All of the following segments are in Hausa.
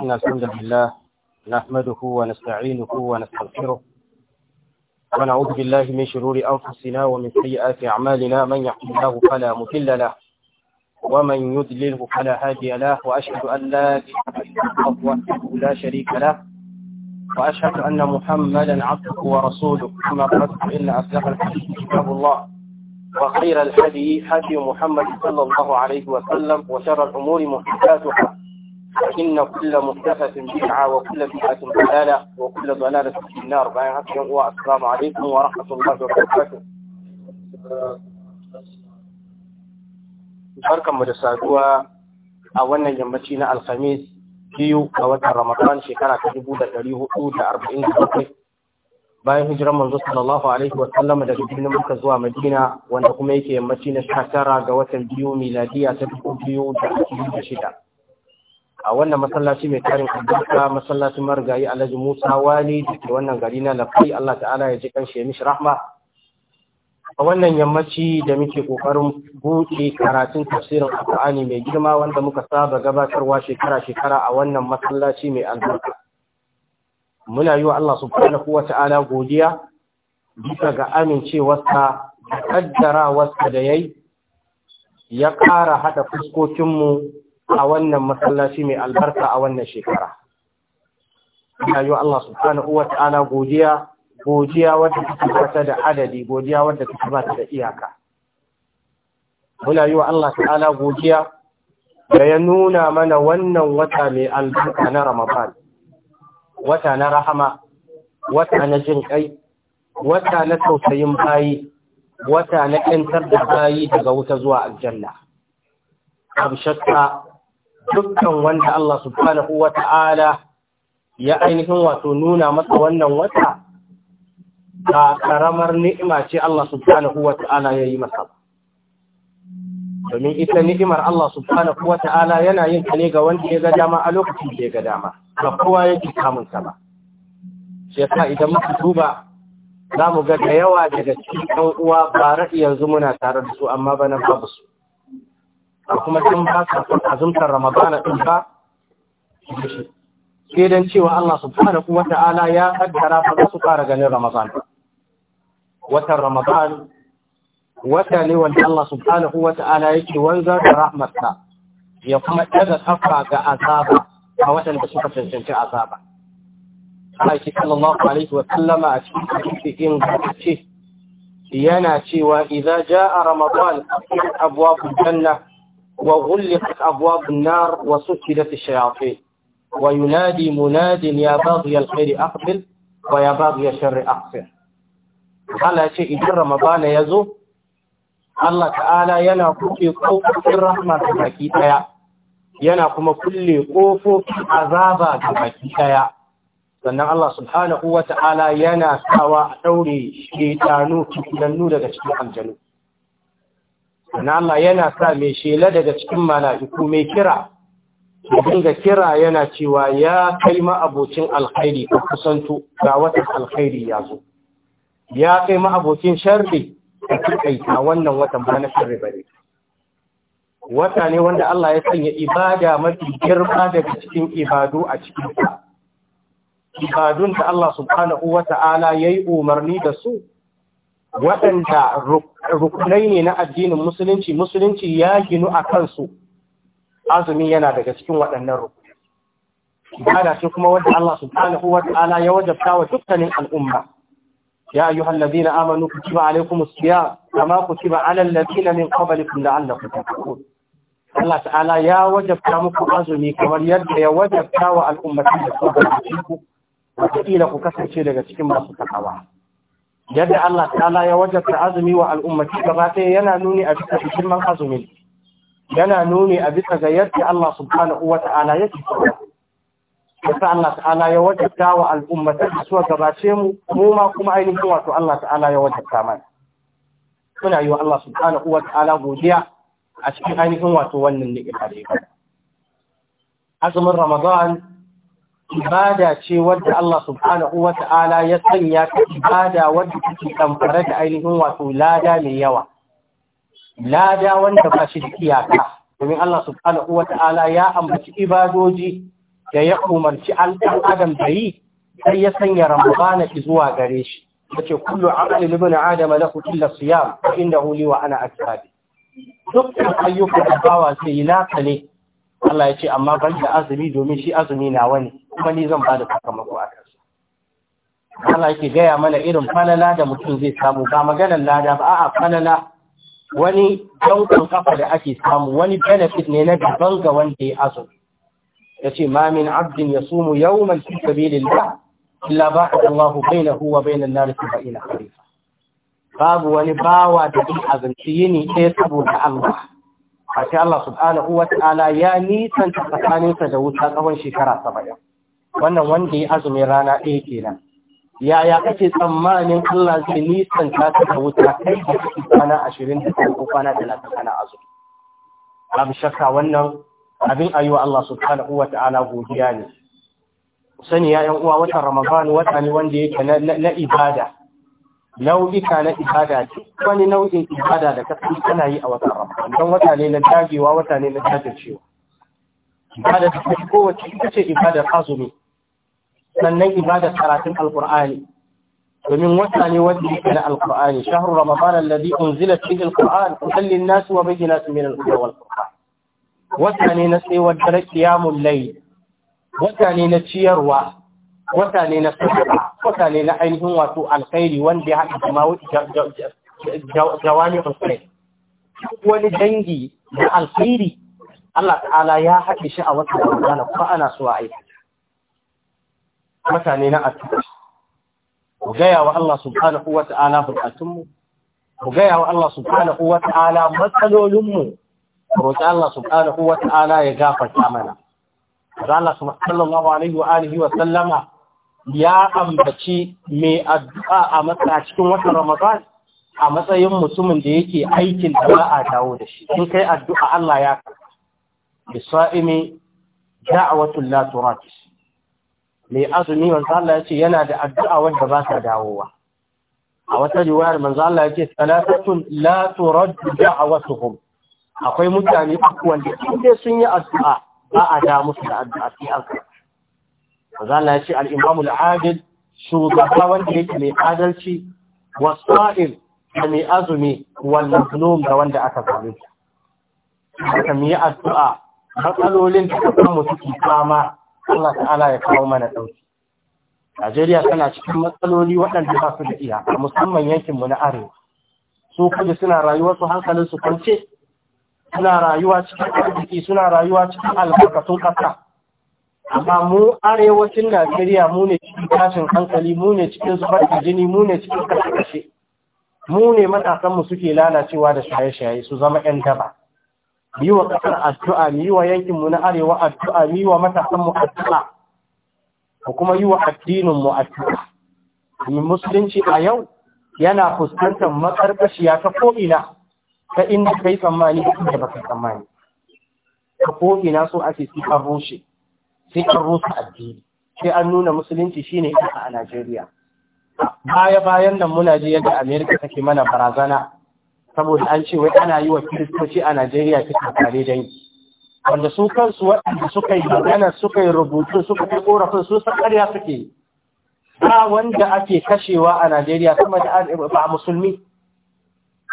إن الحمد لله نحمده ونستعينه ونستغفره ونعوذ بالله من شرور أنفسنا ومن سيئات أعمالنا من يحمد الله فلا مضل له ومن يدلله فلا هادي له وأشهد أن لا إله إلا الله وحده لا شريك له وأشهد أن محمدا عبده ورسوله أما بعد فإن أصدق الحديث كتاب الله وخير الهدي هدي محمد صلى الله عليه وسلم وشر الأمور محدثاتها فإن كل محدثة بدعة وكل بدعة ضلالة وكل ضلالة في النار بعين هكذا السلام عليكم ورحمة الله وبركاته barkanmu da saduwa a wannan yammaci na alhamis biyu a watan ramadan shekara ta dubu da dari hudu da arba'in da bakwai bayan hijiran manzo sallallahu alaihi wa sallam daga birnin muka zuwa madina wanda kuma yake yammaci na sha tara ga watan biyu miladiya ta dubu biyu da ashirin da shida a wannan masallaci mai tarin albarka masallacin marigayi alhaji musa wani da ke wannan gari na lafai allah ta'ala ya ji shi ya mishi rahma a wannan yammaci da muke kokarin buɗe karatun tafsirin alƙur'ani mai girma wanda muka saba gabatarwa shekara-shekara a wannan masallaci mai albarka muna yi wa allah subhanahu wa ta'ala godiya bisa ga amincewarsa da kaddarawarsa da yayi ya ƙara haɗa fuskokinmu a wannan masallaci mai albarka a wannan shekara ina yi Allah subhanahu wa ta'ala godiya godiya wadda ta bata da adadi godiya wadda ta bata da iyaka muna yi wa Allah ta'ala godiya da ya nuna mana wannan wata mai albarka na Ramadan wata na rahama wata na jin kai wata na tausayin bayi wata na kantar da bayi daga wuta zuwa aljanna abu shakka dukkan wanda Allah subhanahu wa ta'ala ya ainihin wato nuna masa wannan wata a karamar ni'ima ce Allah subhanahu wa ta'ala ya yi masa. Domin ita ni'imar Allah subhanahu wa ta'ala yana yin ta ne ga wanda ya ga dama a lokacin da ya ga dama, ba kowa yake samun ta ba. Shi idan muka duba za mu ga da yawa daga cikin uwa ba yanzu muna tare da su amma bana babu su. ko kuma sun ba ka son azumtar ramadana din ba sai dan cewa Allah subhanahu wata'ala ya haddara fa za su fara ganin ramadan watan ramadan wata ne wanda Allah subhanahu ya ce wanzar da rahmatsa ya kuma ɗaga kafa ga azaba a da suka cancanci azaba Allah sallallahu alaihi wa sallama a cikin hadisi in ce yana cewa idza jaa ramadan abwabul janna وغلقت أبواب النار وسكدت الشياطين وينادي مناد يا باغي الخير أقبل ويا باغي الشر أقصر على شيء إذن رمضان يزو Allah ta'ala yana kulle ƙofofin rahama ga baki ɗaya, yana kuma kulle ƙofofin azaba da baki ɗaya. Sannan Allah subhanahu wa ta'ala yana sawa a ɗaure shaiɗanu cikinannu daga cikin aljanu. Sana Allah yana sa mai shela daga cikin mala'iku mai kira, idan ga kira yana cewa ya kai ma'abocin alkhairi ko kusanto ga wata alkhairi ya zo. Ya kai ma'abocin sharri ka a wannan watan ba na sharri bare. Wata ne wanda Allah ya sanya ibada mafi girma daga cikin ibadu a cikinsa. Ibadun da Allah subhanahu wa ta'ala ya yi umarni da su, waɗanda rukunai ne na addinin musulunci musulunci ya ginu a kansu azumi yana daga cikin waɗannan rukunai ibada ce kuma wanda Allah subhanahu wa ta'ala ya wajabta wa dukkanin al'umma ya ayyuhal ladina amanu kutiba alaykumus siyam kama kutiba alal ladina min qablikum la'allakum tattaqun Allah ta'ala ya wajabta muku azumi kamar yadda ya wajabta wa al'ummatin da suka gabace ku ku kasance daga cikin masu takawa yadda Allah ta'ala ya wajabta azumi wa al'ummati gaba ɗaya yana nuni a bisa man azumin, yana nuni a bisa ga yadda Allah subhanahu wa ta'ala yake kowa yasa Allah ta'ala ya wajabta wa al'ummati da suwa gabace mu mu ma kuma ainihin wato Allah ta'ala ya wajabta mana muna yi wa Allah subhanahu wa ta'ala godiya a cikin ainihin wato wannan ni'ima da ya azumin Ramadan ibada ce wadda Allah subhanahu wa ta'ala ya sanya ta ibada wadda take kamfara da ainihin wato lada mai yawa lada wanda ba shi da iyaka domin Allah subhanahu wa ta'ala ya ambaci ibadoji da ya umarci al'an adam da yi sai ya sanya ramadana ki zuwa gare shi yace kullu amali ibn adam lahu illa siyam fa innahu li wa ana ashabi duk ayyukan da bawa sai yi naka ne Allah ya ce amma ban da azumi domin shi azumi nawa ne kuma ni zan bada sakamako a kansa Allah yake gaya mana irin falala da mutum zai samu ba maganar lada ba a'a falala wani dankon kafa da ake samu wani benefit ne na daban ga wanda ya azumi yace ma min abdin yasumu yawman fi sabilillah illa ba'atha Allahu bainahu wa bainan nar 70 kharifa babu wani bawa da zai azumci yini ɗaya saboda Allah a ce Allah subhanahu wa ta'ala ya nisan tsakaninsa da wuta tsawon shekara saba'in wannan wanda ya azumi rana ɗaya kenan yaya kake tsammanin Allah zai nisanta ta da wuta kai da kake kwana ashirin da ko kwana talatin kana azumi babu shakka wannan abin ayyuwa Allah subhanahu wa ta'ala godiya ne sani ya yan uwa watan ramadan wata ne wanda yake na ibada nau'ika na ibada ce wani nau'in ibada da kasan kana yi a watan ramadan don wata ne na dagewa wata ne na jajircewa ibada ta kowace ita ce ibadar azumi sannan ibada karatun alqur'ani domin wata ne wanda yake da alqur'ani shahru ramadan alladhi unzila fihi alqur'an hudan lin-nas wa bayyinatun min al-huda wal-furqan wata ne na tsayuwar dare qiyamul layl wata ne na ciyarwa wata ne na sadaka wata ne na ainihin wato alkhairi wanda ya haɗa kuma jawami alkhairi wani dangi da alkhairi Allah ta'ala ya haɗe shi a wata ramadan ko ana so a aika mutane na addu'a ku gaya wa Allah subhanahu wa ta'ala bukatunmu ku gaya wa Allah subhanahu wa ta'ala matsalolinmu roƙi Allah subhanahu wa ta'ala ya gafarta mana Allah sallallahu alaihi wa alihi wa sallama ya ambaci mai addu'a a matsa cikin watan Ramadan a matsayin mutumin da yake aikin da ba a dawo da shi in kai addu'a Allah ya karɓa bisa'imi da'awatul la turatis mai azumi manzo Allah ya ce yana da addu'a wanda ba ta dawowa a wata riwayar manzo Allah ya ce salatatun la turad da'awatuhum akwai mutane uku wanda inda sun yi addu'a ba a da musu da addu'a sai an ka manzo Allah ya ce al imam al-adil shugaba wanda yake mai adalci wasa'il da mai azumi wal mazlum da wanda aka zalunta haka mu addu'a matsalolin da kuma mutum fama Allah ta'ala ya kawo mana ɗauki. Najeriya tana cikin matsaloli waɗanda ba su da a musamman yankinmu na arewa. Su kudu suna rayuwa su hankalin su kwance, suna rayuwa cikin arziki suna rayuwa cikin albarkatun ƙasa. Amma mu arewacin Najeriya mu ne cikin tashin hankali, mu ne cikin zubar da jini, mu ne cikin kashe-kashe. Mu ne matasanmu suke lalacewa da shaye-shaye su zama ‘yan daba. yi wa ƙasar addu'a yi wa yankinmu na arewa addu'a yi wa matasanmu addu'a ko kuma yi wa addininmu addu'a musulunci a yau yana fuskantar makarƙashiya ta ko'ina ta inda ka yi tsammani da inda ba ka tsammani ta ko'ina so ake sai an rushe sai an rusa addini sai an nuna musulunci shine ita a Najeriya baya bayan nan muna ji yadda Amerika take mana barazana saboda an ce wai ana yi wa kiristoci a Najeriya ta kare dangi wanda su kansu waɗanda suka yi magana suka yi rubutu suka yi korafin su san ƙarya suke ba wanda ake kashewa a Najeriya sama da ba musulmi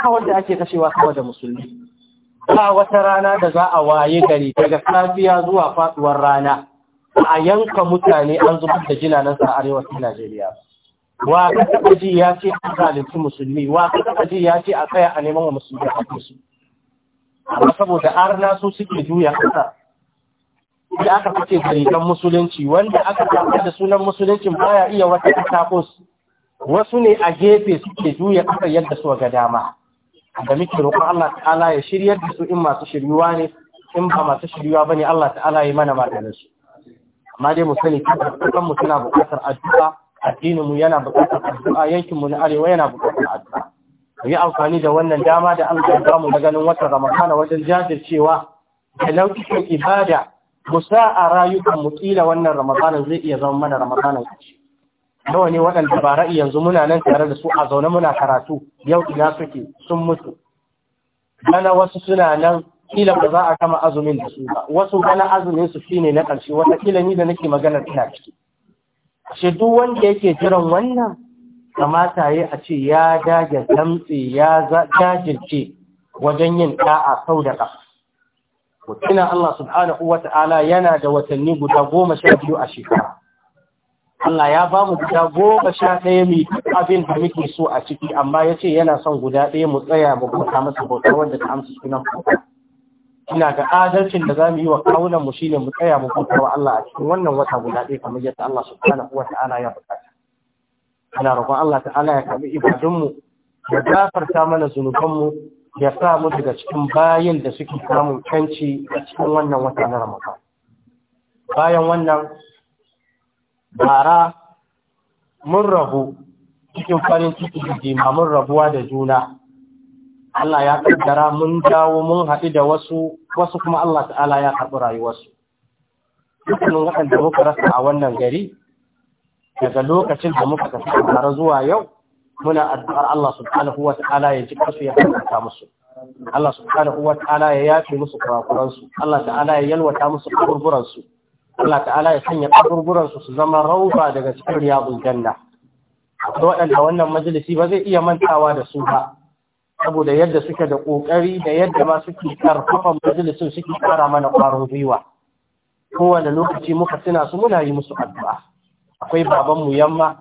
ba wanda ake kashewa sama da musulmi ba wata rana da za a waye gari daga safiya zuwa faɗuwar rana a yanka mutane an zubar da jinanansa a arewacin Najeriya wa ka taɓa ji ya ce a zalunci musulmi wa ka ji ya ce a tsaya a neman wa musulmi a kansu amma saboda arna su suke juya kasa ya aka fice rigar musulunci wanda aka tafi da sunan musuluncin baya iya wata katakos wasu ne a gefe suke juya kasa yadda su ga dama da muke roƙon Allah ta'ala ya shiryar da su in masu shiryuwa ne in ba masu shiryuwa bane Allah ta'ala ya yi mana maganin su amma dai mu sani kan mu suna buƙatar addu'a addinin mu yana buƙatar addu'a yankin mu na arewa yana bukatar addu'a mu yi amfani da wannan dama da an ya mu na ganin watan Ramadana wajen jajircewa da nau'ikan ibada mu sa a rayukan mu kila wannan Ramadana zai iya zama mana Ramadana kace nawa ne waɗanda ba ra'ayi yanzu muna nan tare da su a zaune muna karatu yau ina suke sun mutu bana wasu suna nan kila ba za a kama azumin da su ba wasu bana azumin su shine na ƙarshe wata kila ni da nake magana ina ciki shi duk wanda yake jiran wannan kamata yi a ce ya dage damtse ya jajirce wajen yin ɗa'a sau da ƙasa. Kina Allah subhanahu wa ta'ala yana da watanni guda goma sha biyu a shekara. Allah ya ba mu guda goma sha ɗaya mai abin da muke so a ciki amma ya ce yana son guda ɗaya mu tsaya mu bauta masa wanda ta amsa sunan bauta. ina ga adalcin da zamu yi wa kawunan mu shine mu tsaya mu kuka Allah a cikin wannan wata guda ɗaya kamar yadda Allah subhanahu wa ta'ala ya bukata ana roƙon Allah ta'ala ya karbi ibadun mu ya gafarta mana zunuban mu ya sa mu daga cikin bayin da suke samun kanci a cikin wannan wata na Ramadan bayan wannan bara mun rabu cikin farin ciki da jimamin rabuwa da juna Allah ya kaddara mun dawo mun haɗu da wasu wasu kuma Allah ta'ala ya karɓi rayuwarsu dukkanin waɗanda muka rasa a wannan gari daga lokacin da muka tafi tare zuwa yau muna addu'ar Allah subhanahu wa ta'ala ya ji kasu ya haɗa musu Allah subhanahu wa ta'ala ya yafe musu kurakuransu Allah ta'ala ya yalwata musu kaburburansu Allah ta'ala ya sanya kaburburansu su zama rauba daga cikin riyabul janna waɗanda wannan majalisi ba zai iya mantawa da su ba saboda yadda suke da ƙoƙari da yadda ma suke ƙarfafa majalisun suke ƙara mana ƙwarin gwiwa kowane lokaci muka tuna su muna yi musu addu'a akwai babanmu yamma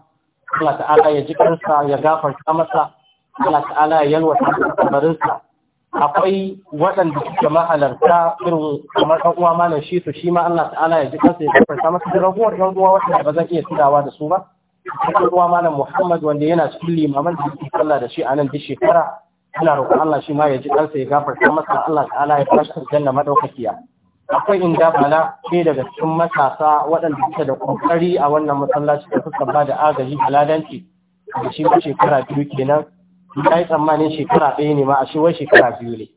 Allah ta'ala ya ji kansa ya gafarta masa Allah ta'ala ya yalwata kabarinsa akwai waɗanda suke mahalarta irin kamar ɗan uwa malam shi to shi ma Allah ta'ala ya ji kansa ya gafarta masa da raguwar ɗan uwa waɗanda ba zan iya tunawa da su ba ɗan uwa malam Muhammad wanda yana cikin limaman da yake sallah da shi a nan duk shekara Ana roƙon Allah shi ma ya ji ƙarsa ya gafarta masa Allah ta'ala ya bashi aljanna madaukakiya akwai inda bala ke daga cikin matasa waɗanda suke da ƙoƙari a wannan masallaci da suka ba da agaji a ladanci da shi ma shekara biyu kenan ya yi tsammanin shekara ɗaya ne ma a shi wai shekara biyu ne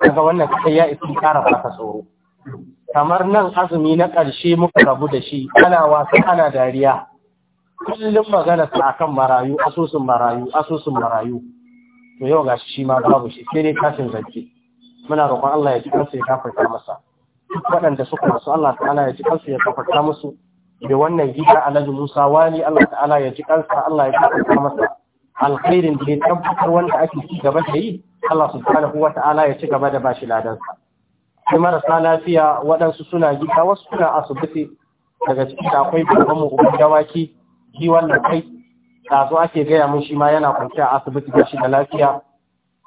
daga wannan kai ya isa ƙara baka tsoro kamar nan azumi na ƙarshe muka rabu da shi ana wasa ana dariya kullum magana sa akan marayu asusun marayu asusun marayu to yau gashi shi ma babu shi sai dai tashin zance muna roƙon Allah ya ji kansu ya kafarta masa duk waɗanda suka masu Allah ta'ala ya ji kansu ya kafarta musu da wannan gida alhaji Musa wani Allah ta'ala ya ji kansa Allah ya kafarta masa alkhairin da ya tabbatar wanda ake ci gaba da yi Allah subhanahu wa ta'ala ya ci gaba da bashi ladansa sai marasa lafiya waɗansu suna gida wasu suna asibiti daga cikin akwai babban mu dawaki kiwon kai. kasu ake gaya mun shi ma yana kwanci a asibiti ga shi da lafiya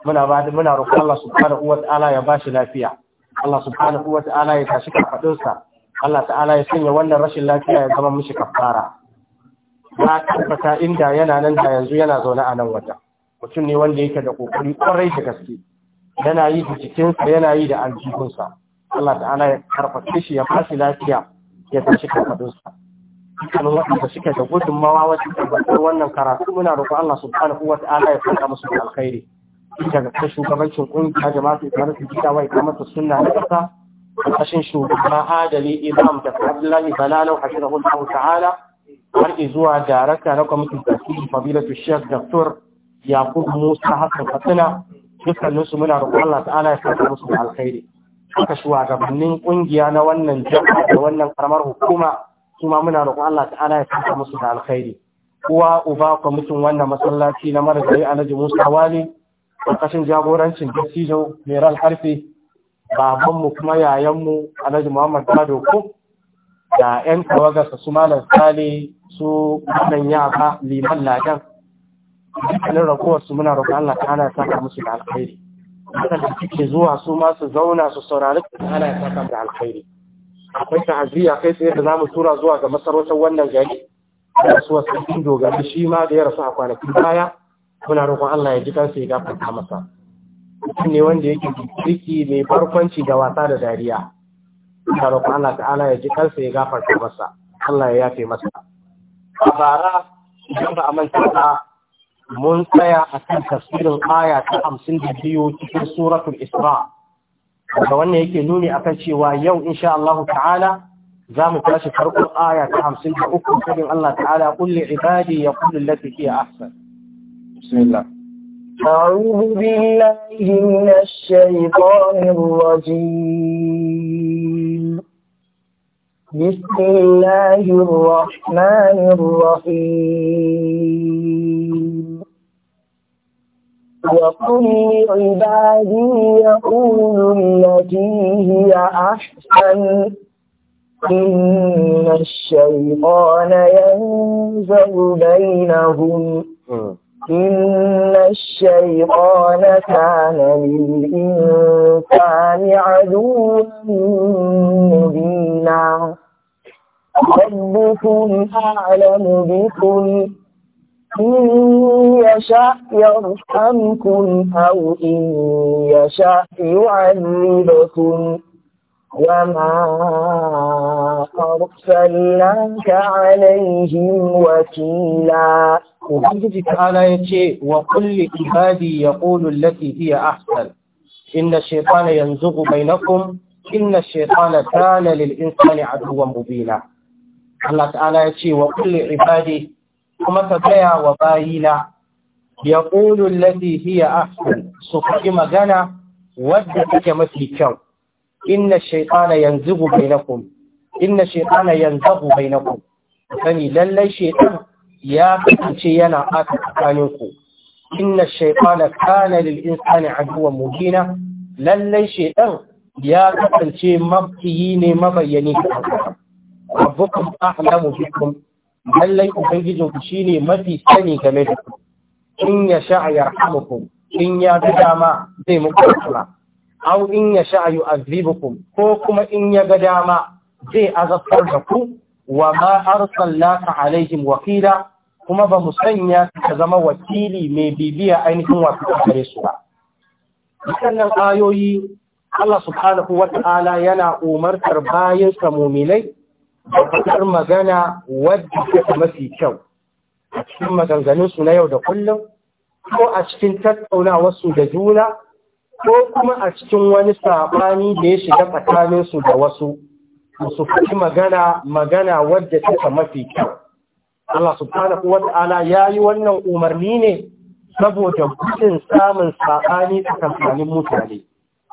muna ba da muna roƙon Allah subhanahu wa ta'ala ya ba shi lafiya Allah subhanahu wa ta'ala ya tashi kafadin sa Allah ta'ala ya sanya wannan rashin lafiya ya zama mishi kafara na tabbata inda yana nan da yanzu yana zaune a nan wata mutum ne wanda yake da kokari kwarai da gaske yana yi da jikinsa yana yi da aljihunsa Allah ta'ala ya karfafa shi ya ba shi lafiya ya tashi kafadin sa dukkanin waɗanda suke da gudunmawa wajen tabbatar wannan karatu muna roƙon Allah subhanahu wa ta'ala ya musu da alkhairi daga ta shugabancin ƙungiya jama'atu imanin su gida wai kamar ta sunna na ƙasa kashin shugaba adali imam da abdullahi balalau hasirahu allahu ta'ala har zuwa darakta na kwamitin tasiri fadilatu shek dr yakub musa hassan katsina dukkaninsu muna roƙon Allah ta'ala ya fada musu da alkhairi haka shugabannin ƙungiya na wannan jama'a da wannan karamar hukuma kuma muna roƙon Allah ta'ala ya saka musu da alkhairi uwa uba kwamitin wannan masallaci na marigayi alhaji musa wali ƙarƙashin jagorancin dattijo meral Harfi, babanmu kuma yayanmu alhaji muhammad bado ko da 'yan tawagarsa su malam sale su wannan ba liman ladan dukkanin rakuwar su muna roƙon Allah ta'ala ya saka musu da alkhairi da suke zuwa su ma su zauna su saurari ta'ala ya saka da alkhairi akwai ta'aziyya kai tsaye da zamu tura zuwa ga masarautar wannan gari da wasu cikin dogari shi ma da ya rasu a kwanakin baya muna roƙon Allah ya ji kansa ya gafarta masa mutum ne wanda yake ciki mai barkwanci da wasa da dariya muna roƙon Allah ta'ala ya ji kansa ya gafarta masa Allah ya yafe masa a bara idan ba a manta ba mun tsaya a kan tafsirin aya ta hamsin da biyu cikin suratul isra' daga wannan yake nuni akan cewa yau insha Allah ta'ala za mu tashi farko aya ta hamsin da uku sabin Allah ta'ala kulli ibadi ya kulli lati hiya ahsan bismillah أعوذ بالله من الشيطان الرجيم بسم الله الرحمن وقل لعبادي يقول التي هي أحسن إن الشيطان ينزل بينهم إن الشيطان كان للإنسان عدوا مبينا ربكم أعلم بكم إن يشاء يرحمكم أو إن يشاء يعذبكم وما أرسلناك عليهم وكيلا وبنجي تعالى يتي وقل لعبادي يقول التي هي أحسن إن الشيطان ينزغ بينكم إن الشيطان كان للإنسان عدوا مبينا الله تعالى يتي وقل لعبادي kuma ka gaya wa bayina ya ƙulu lati hiya su faɗi magana wadda take mafi kyau inna shaytana na bainakum inna shaytana na bainakum sani lallai shaytan ya kasance yana aka tsakaninku inna shaytana kana lil insani aduwwan mubina lallai shaytan ya kasance mafiyi ne mabayyani ga rabbukum a'lamu bikum lallai ubangijin ku shine mafi sani game da ku in ya sha'a yarhamukum in ya ga dama zai muku rahama aw in ya sha'a yu'adhibukum ko kuma in ya ga dama zai azabtar da ku wa ma arsalnaka alaihim wakila kuma ba mu sanya ka zama wakili mai bibiya ainihin wasu kare su ba sannan ayoyi Allah subhanahu wa ta'ala yana umartar bayan sa muminai da magana wadda take mafi kyau a cikin maganganunsu na yau da kullum ko a cikin tattaunawarsu da juna ko kuma a cikin wani saɓani da ya shiga tsakaninsu da wasu su fi magana magana wadda take mafi kyau Allah subhanahu wa ta'ala ya yi wannan umarni ne saboda gudun samun saɓani tsakanin mutane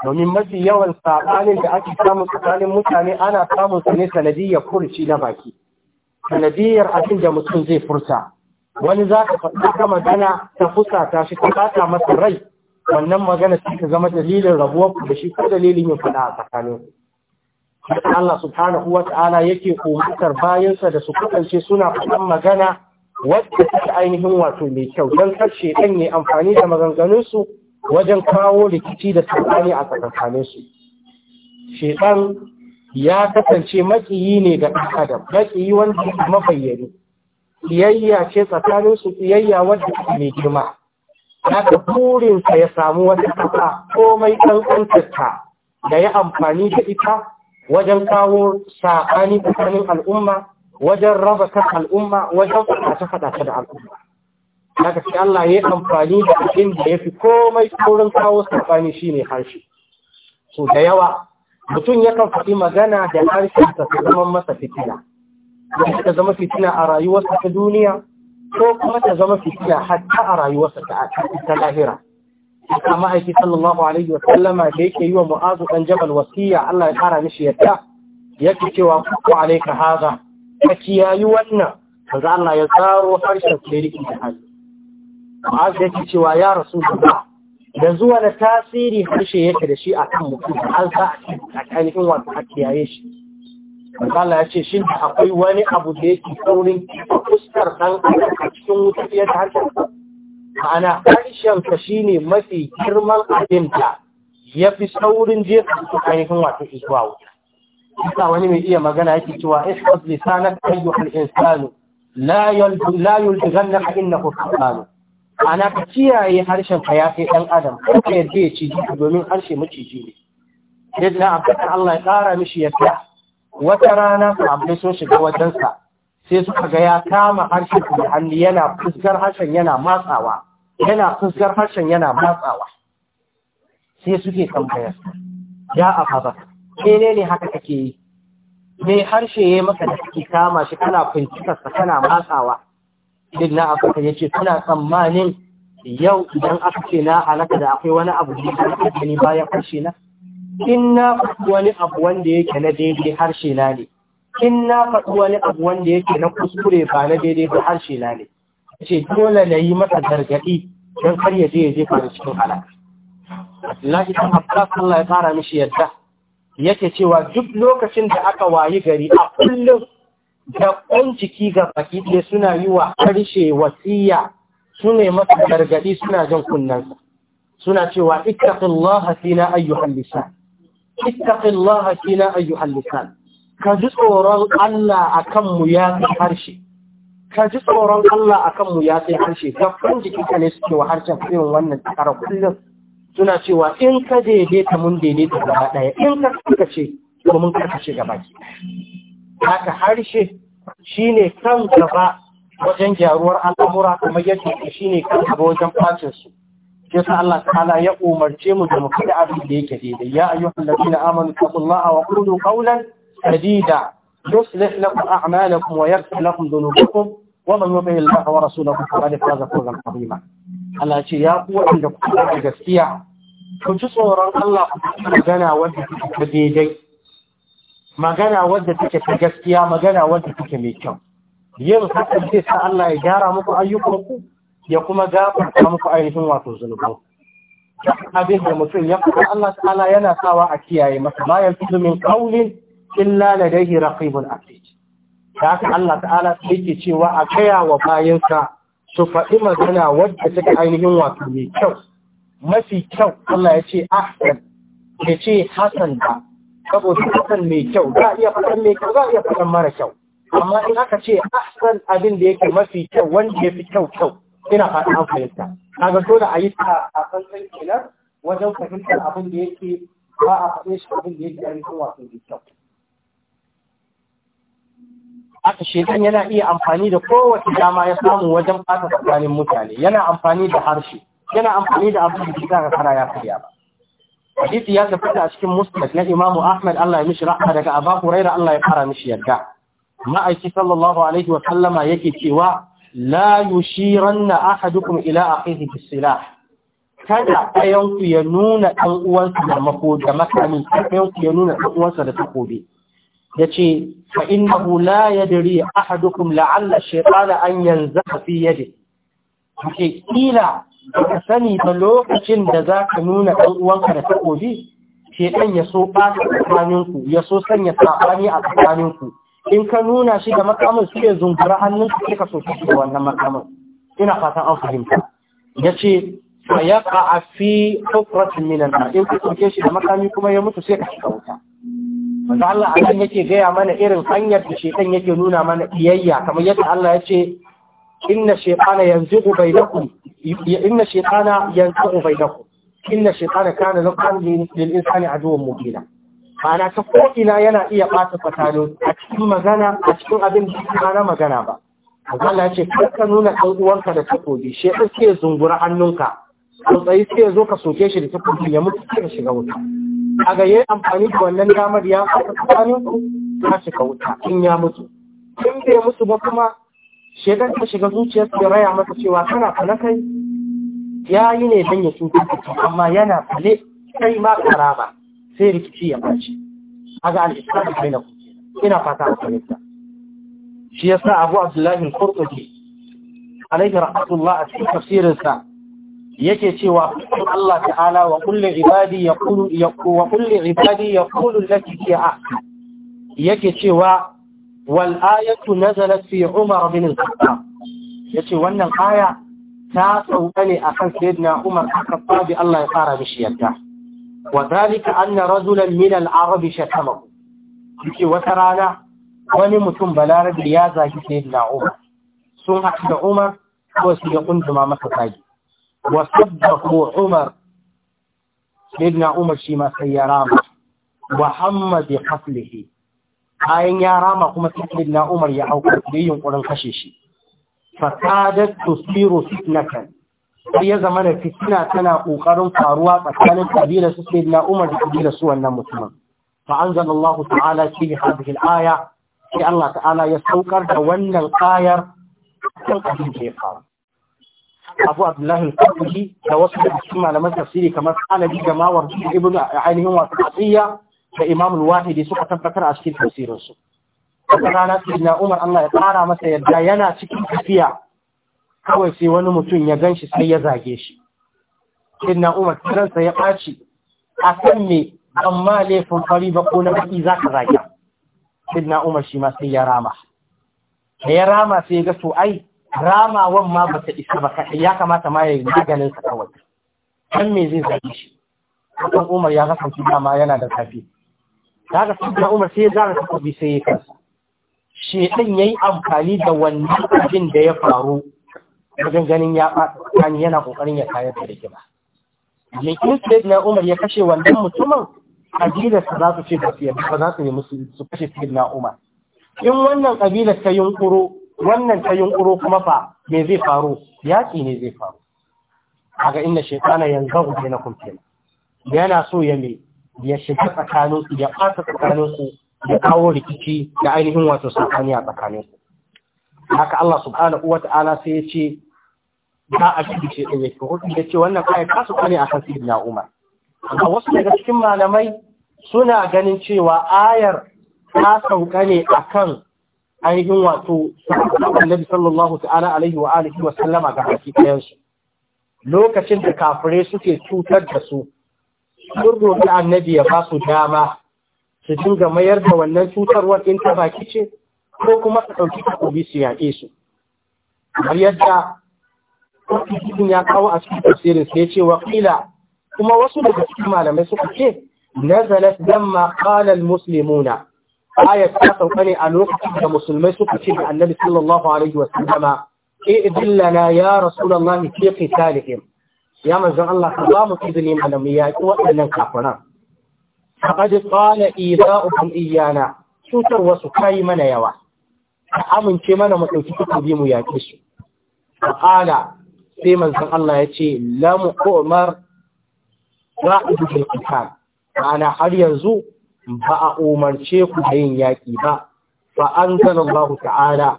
domin mafi yawan saɓanin da ake samun tsakanin mutane ana samun su ne sanadiyar furci na baki Sanadiyyar abin da mutum zai furta wani za ka faɗi ta magana ta fusata shi ta ɓata masa rai wannan magana sai ka zama dalilin rabuwar da shi ko dalilin yin faɗa a tsakanin Allah subhanahu wa ta'ala yake umartar bayansa da su kasance suna faɗan magana wadda take ainihin wato mai kyau don kar ɗan ne amfani da maganganunsu wajen kawo rikici da tsakani a tsakanin su shekan ya kasance makiyi ne ga ɗan adam makiyi wanda bayyane Tsiyayya ce tsakanin su tsiyayya wanda mai girma haka burinsa ya samu wata kafa komai ƙanƙantarta da ya amfani da ita wajen kawo saɓani tsakanin al'umma wajen raba kan al'umma wajen faɗace-faɗace da al'umma haka sai Allah ya amfani da abin da ya fi komai saurin kawo saɓani shi ne harshe so da yawa mutum yakan faɗi magana da harshensa ta zama masa fitina wanda ta zama fitina a rayuwarsa ta duniya ko kuma ta zama fitina hatta a rayuwarsa ta lahira ta ma'aiki sallallahu alaihi wa sallama da yake yi wa mu'azu ɗan jabal wasiya Allah ya kara mishi yadda yake cewa ku alaika haza ka kiyayi wannan kaza Allah ya tsaro harshen sai rikin da hannu ma'az yake cewa ya rasu da zuwa na tasiri harshe yake da shi a kan mutum an sa a ainihin wato a kiyaye shi Allah ya ce shi akwai wani abu da yake saurin fuskar ɗan a cikin wuta fiye da harshen ma'ana harshen ka shine mafi girman abinta ya fi saurin jefa su ainihin wato zuwa wuta Isa wani mai iya magana yake cewa ihfaz lisanak ayyuhal insanu la yulzigannaka innahu shaytanu ana ka kiyaye harshen ka ya kai ɗan adam ka yadda ya ciji domin harshe maciji ne sai da abin Allah ya ƙara mishi yadda wata rana su abin sun shiga wajensa sai suka ga ya kama harshen da hannu yana fuskar harshen yana matsawa yana fuskar harshen yana matsawa sai suke tambayar ya ababa ne ne haka kake yi me harshe ya maka da kake kama shi kana fincikarsa kana matsawa idan na afirka ya ce kuna tsammanin yau idan aka ce na halaka da akwai wani abu da yake gani bayan harshe na in na faɗi wani abu wanda yake na daidai harshe na ne in faɗi wani abu wanda yake na kuskure ba na daidai ba harshe na ne ce dole na yi masa gargaɗi don kar ya je ya je fara cikin halaka Abdullahi ɗan Abbas Allah ya fara mishi yadda yake cewa duk lokacin da aka wayi gari a kullum gaban ciki ga baki ɗaya suna yi wa harshe wasiya su ne masu gargaɗi suna jan kunnansa suna cewa ittaqillaha fina ayyuhal lisan ittaqillaha fina ayyuhal lisan ka ji tsoron Allah akan mu ya kai harshe ka ji tsoron Allah akan mu ya kai harshe gaban jiki ka ne suke wa harshen irin wannan tsara kullum suna cewa in ka daidaita mun daidaita gaba ɗaya in ka kace domin ka kace gaba ki haka harshe shine kan gaba wajen gyaruwar al'amura kuma yake shine kan gaba wajen bacin su yasa Allah ta'ala ya umarce mu da mu faɗi abin da yake daidai ya ayyuhal ladina amanu taqullaha wa qulu qawlan sadida yuslih lakum a'malakum wa yaghfir lakum dhunubakum wa man yuti Allah wa rasulahu faqad faza fawzan azima Allah ce ya ku wanda ku da gaskiya ku ji tsoron Allah ku gana wanda ku daidai magana wadda take ta gaskiya magana wadda take mai kyau yin hakan zai sa Allah ya gyara muku ayyukanku ya kuma gafarta muku ainihin wato zulubu abin da mutum ya faɗa Allah ta'ala yana sawa a kiyaye masa ma yanzu min qaulin illa ladayhi raqibun atid haka Allah ta'ala yake cewa a kaya wa bayansa su faɗi magana wadda take ainihin wato mai kyau mafi kyau Allah ya ce ahsan ya ce hasan ba saboda kasan mai kyau za a iya faɗan mai kyau za a iya faɗan mara kyau amma in aka ce ahsan abin da yake mafi kyau wanda ya fi kyau kyau ina faɗin an fahimta kaga so da a yi ta a san kenan wajen fahimtar abin da yake ba a faɗe shi abin da yake kuma wato da kyau aka shekan yana iya amfani da kowace dama ya samu wajen fata tsakanin mutane yana amfani da harshe yana amfani da abin da ke kara ya karya ba hadisi ya tabbata a cikin musnad na Imam Ahmad Allah ya mishi rahma daga Abu Hurairah Allah ya fara mishi yarda ma'aiki sallallahu alaihi wa sallama yake cewa la yushiranna ahadukum ila akhihi bisilah kada ɗayan ku ya nuna ɗan uwansa da mako da makami ɗayan ku ya nuna ɗan uwansa da takobi yace fa innahu la yadri ahadukum la'alla shaytana an yanzaha fi yadihi kila ka sani ba lokacin da za ka nuna ɗan'uwanka da takobi ɗan ya so ɓata tsakaninku ya so sanya tsakani a tsakaninku in ka nuna shi da makamin suke zungura hannunka sai ka soke shi da wannan makamin ina fatan an fahimta ya ce ka ya a fi hukuratin minan na in ka soke shi da makami kuma ya mutu sai ka shiga wuta manzo Allah a nan yake gaya mana irin hanyar da shekan yake nuna mana iyayya kamar yadda Allah ya ce inna shaytana yanzi'u bainakum inna shaytana yanzi'u bainakum inna shaytana kana lakum lil insani aduwwan mubina ana ta ko ina yana iya bata fatalo a cikin magana a cikin abin da ba magana ba Allah ya ce ka nuna ɗan uwanka da takobi shi ya ke zungura hannunka tsautsayi sai ya zo ka soke shi da takobi ya mutu sai shiga wuta a yayi amfani da wannan damar ya fata tsakanin ka shiga wuta in ya mutu in bai mutu ba kuma shedan ta shiga zuciyarsa ya raya masa cewa tana kana na kai ya yi ne don ya cutar da kai amma yana kale kai ma ba, sai rikici ya bace aga al-islam bai na kuke ina fata a fahimta shi yasa abu abdullahi al-qurtubi alaihi rahmatullah a cikin tafsirinsa yake cewa Allah ta'ala wa kullu ibadi ya yaqulu wa kullu ibadi yaqulu allati hiya yake cewa wal na nazalat fi umar bin al-khattab yace wannan aya ta sauka ne akan sayyidina umar al-khattab Allah ya kara mishi yadda wa dalika anna rajulan min al-arab shatamahu yace wata rana wani mutum balarabi ya zagi sayyidina umar sun haɗu umar ko su ya kunduma masa zagi wa sabbahu umar sayyidina umar shi ma sai ya rama wa hamma bi qatlihi bayan ya rama kuma sai na Umar ya auka da yunkurin kashe shi fasadar tusiru fitnatan sai ya zama da fitina tana ƙoƙarin faruwa tsakanin kabilar su na Umar da kabilar su wannan mutumin fa allahu ta'ala fi hadhihi al-aya sai Allah ta'ala ya saukar da wannan ayar kan abin da ya faru Abu Abdullah al da wasu da cikin malaman tafsiri kamar Alabi da Mawar ibn ainihin wasu qasiya da imamul wahidi suka tabbatar a cikin tafsirin su wata rana na umar Allah ya tsara masa yadda yana cikin tafiya kawai sai wani mutum ya gan shi sai ya zage shi na umar kiransa ya ɓaci a kan me amma laifin fari ba ko na baƙi za ka zage na umar shi ma sai ya rama da ya rama sai ya ga to ai ramawan ma ba ta isa ba kaɗai. ya kamata ma ya yi maganin sa kawai kan me zai zage shi Hakan Umar ya kasance dama yana da zafi kaga sayyidina Umar sai ya zara kubi sai ya kasa shedan yayi amfani da wannan abin da ya faru wajen ganin ya kan yana kokarin ya kayar da rigima yakin sayyidina Umar ya kashe wannan mutumin kabilar sa za su ce ba su yarda ba za su nemi su kashe na Umar in wannan kabilar ta yunkuro wannan ta yunkuro kuma fa me zai faru yaki ne zai faru kaga inna shaytana yanzu na kenan yana so ya mai ya shiga su ya tsakanin su ya kawo rikici da ainihin wato sakani a su haka Allah subhanahu wa ta'ala sai ya ce ba a cikin ce ɗaya ke hudu ya ce wannan kayan kasu kane a kan na umar a wasu daga cikin malamai suna ganin cewa ayar ta sauka ne a kan ainihin wato annabi sallallahu ta'ala alaihi wa alihi wa sallama ga baki lokacin da kafirai suke cutar da su sun roƙi annabi ya ba su dama su dinga mayar da wannan cutarwar in ta baki ce ko kuma ta ɗauki takobi su yaƙe su kamar yadda kwakwakwakin ya kawo a cikin tafsirin sai ce wakila kuma wasu daga cikin malamai suka ce nazalat lamma qala almuslimuna ayat ta sauka ne a lokacin da musulmai suka ce da annabi sallallahu alaihi wa sallama idillana ya rasulullahi fi qitalihim ya manzan Allah ka ba mu izini mana mu yaƙi waɗannan kafiran faqad qala ida'ukum iyana cutar wasu kai mana yawa ka amince mana mu ɗauki takobi mu yaƙe su qala sai manzan Allah ya ce lam umar ra'id bil qital ana har yanzu ba a umarce ku da yin yaƙi ba fa anzalallahu ta'ala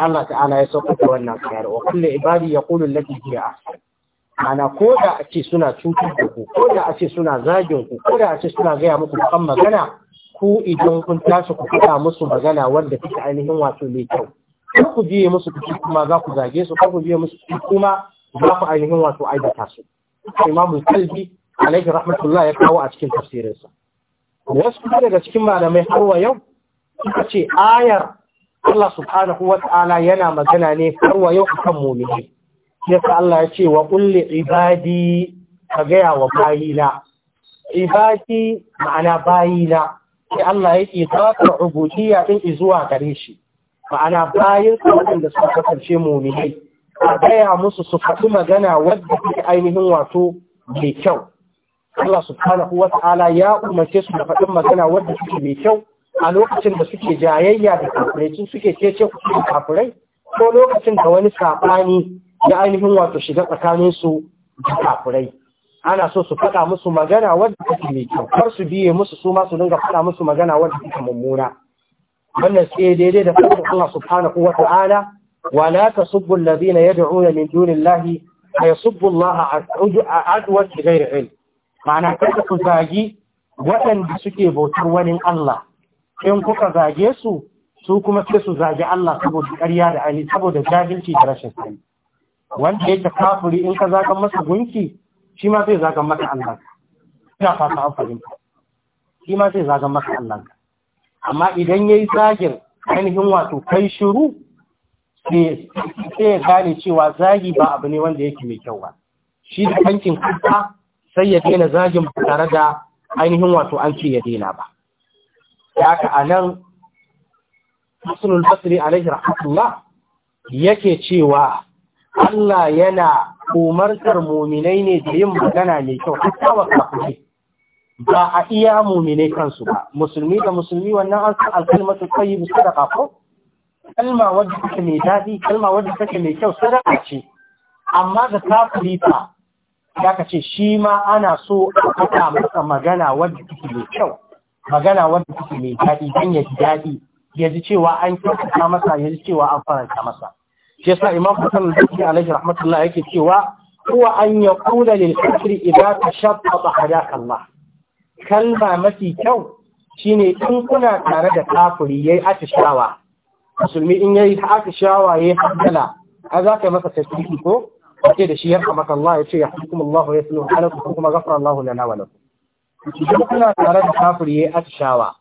Allah ta'ala ya sauƙaƙa wannan kayar wa kulle ibadi yaqulu allati hiya ahsan ana ko da a ce suna cutar da ku ko da a ce suna zagin ku ko da a ce suna gaya muku kan magana ku idan kun tashi ku faɗa musu magana wanda take ainihin wato mai kyau kar ku biye musu kuɗi kuma za ku zage su kar ku biye musu kuɗi kuma za ku ainihin wato aibata su imamu kalbi alaihi rahmatullah ya kawo a cikin tafsirinsa wasu kuma daga cikin malamai har wa yau suka ce ayar Allah subhanahu wa ta'ala yana magana ne har wa yau akan mu'mini yasa Allah ya ce wa kulli ibadi ka gaya wa bayina ibadi ma'ana bayina sai Allah ya ke zafar rubutiya ɗin izuwa gare shi ma'ana bayin waɗanda suka kasance mu'minai ka gaya musu su faɗi magana wadda suke ainihin wato mai kyau Allah subhanahu wa ta'ala ya umarce su da faɗin magana wadda suke mai kyau a lokacin da suke jayayya da kafirai suke cece kafirai ko lokacin da wani saɓani na ainihin wato shiga tsakaninsu da kafurai ana so su faɗa musu magana wadda take mai kyau kar su biye musu su ma su dinga faɗa musu magana wadda take mummuna wannan sai daidai da faɗin Allah subhanahu wa ta'ala wa la tasubbu alladhina yad'una min dunillahi ayasubbu Allah adwa bi ghairi ilm ma'ana kada ku zagi waɗanda suke bautar wani Allah in kuka zage su su kuma sai su zagi Allah saboda ƙarya da ainihi saboda jahilci da rashin sani wanda yake kafuri in ka zaka masa gunki shi ma zai zagan maka Allah ina fata an fahimta shi ma zai zagan maka Allah amma idan yayi zagin ainihin wato kai shiru sai ya gane cewa zagi ba abu ne wanda yake mai kyau ba shi da kankin kuka sai ya daina zagin ba tare da ainihin wato an ce ya daina ba da ka a nan basri alaihi rahmatullah yake cewa Allah yana umartar muminai ne da yin magana mai kyau a wa kafirai ba a iya muminai kansu ba musulmi da musulmi wannan an san alkalmatu tayyib sadaqa ko kalma wadda take mai dadi kalma wadda take mai kyau sadaqa ce amma da kafiri fa ya kace shi ma ana so a faɗa masa magana wadda take mai kyau magana wadda take mai dadi dan ya ji dadi ya ji cewa an kyautata masa ya ji cewa an faranta masa shi yasa imam hasan al-bakri alaihi rahmatullah yake cewa huwa an yaqula lil fikri idza tashaqqata hadaka Allah kalma mafi kyau shine in kuna tare da kafiri yayi atishawa musulmi in yayi atishawa yayi haddala a za ka masa tasbihi ko kace da shi ya kamata Allah ya ce ya hukum Allah ya sunu alaikum kuma ghafara Allah lana wa lakum idan kuna tare da kafiri yayi atishawa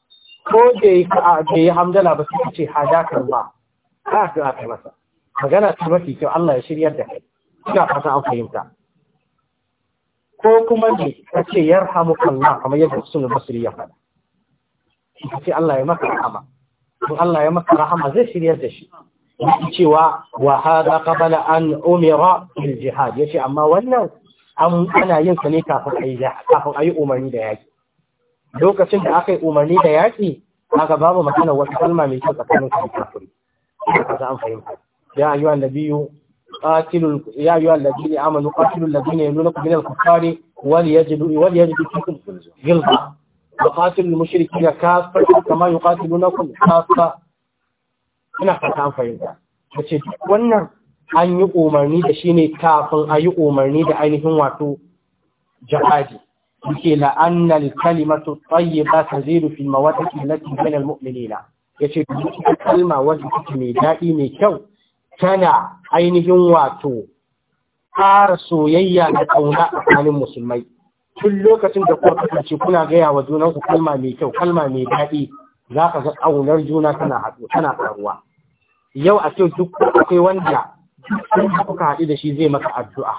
ko da yayi hamdala ba sai ce hadaka Allah ka ka masa magana ta mafi kyau Allah ya shiryar da kai ina fata an fahimta ko kuma ne ka ce yarhamuka Allah kamar yadda Usul Basri ya faɗa ka ce Allah ya maka rahama in Allah ya maka rahama zai shiryar da shi yake cewa wa hada qabla an umira bil jihad yace amma wannan an ana yin sa ne kafin ayi kafin ayi umarni da yaki lokacin da aka yi umarni da yaki aka babu magana wata kalma mai kyau tsakanin kafiri kaza an fahimta يا أيها النبي قاتلوا يا أيها الذين آمنوا قاتلوا الذين يلونكم من الكفار وليجدوا فيكم غلظة وقاتلوا المشركين كافة كما يقاتلونكم كافة ina fata an fahimta kace wannan an yi umarni da shi ne kafin a yi umarni da ainihin wato jihadi yake la'anna kalimatu tayyiba tazidu fil mawaddati allati bainal mu'minina yace duk kalma mai daɗi mai kyau tana ainihin wato fara soyayya da ƙauna a tsakanin musulmai tun lokacin da kuka kasance kuna gaya wa junanku kalma mai kyau kalma mai daɗi za ka ga ƙaunar juna tana haɗu tana faruwa yau a ce duk akwai wanda duk kuka haɗu da shi zai maka addu'a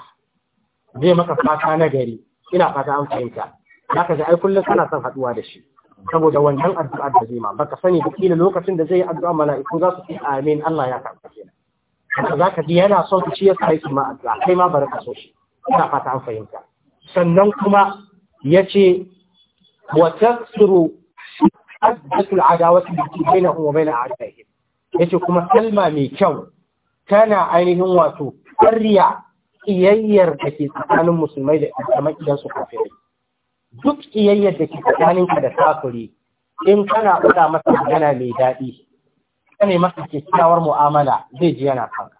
zai maka fata na gari ina fata an fahimta za ka ga ai kullum kana son haɗuwa da shi saboda wannan addua da zai ma baka sani da kila lokacin da zai yi addu'a mala'iku za su ce amin Allah ya karɓa kenan haka za ka ji yana son shi ya sa yake ma'azza kai ma bari ka so shi ina fata an fahimta sannan kuma ya ce wa taksuru azzatul adawati allati bainahu wa bain yace kuma kalma mai kyau tana ainihin wato ƙarya iyayyar da ke tsakanin musulmai da kamar idan su kafiri duk iyayyar da ke tsakaninka da kafiri in kana faɗa masa magana mai daɗi kane masa kyakkyawar mu'amala zai ji yana kanka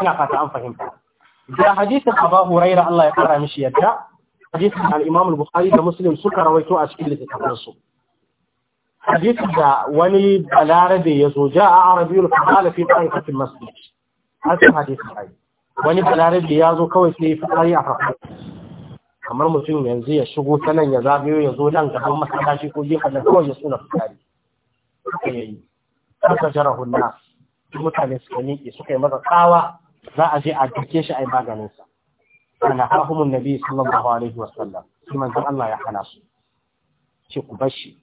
ina fata an fahimta da hadisin Abu Huraira Allah ya kara mishi yadda hadisin al-Imam al-Bukhari da Muslim suka rawaito a cikin littafansu hadisin da wani balarabe ya zo ja a arabiyul fadala fi tsankatin masjid hasan hadisin ai wani balarabe ya zo kawai sai ya fitsari a farko kamar mutum yanzu ya shigo ta nan ya zagayo ya zo nan gaban masallaci ko gefen da kawai ya suna fitsari aka jara na mutane suka niƙe suka yi maza tsawa za a je a dake shi a yi maganinsa ana hahumun nabi sallallahu alaihi sallar. shi manzon Allah ya hana su ce ku bar shi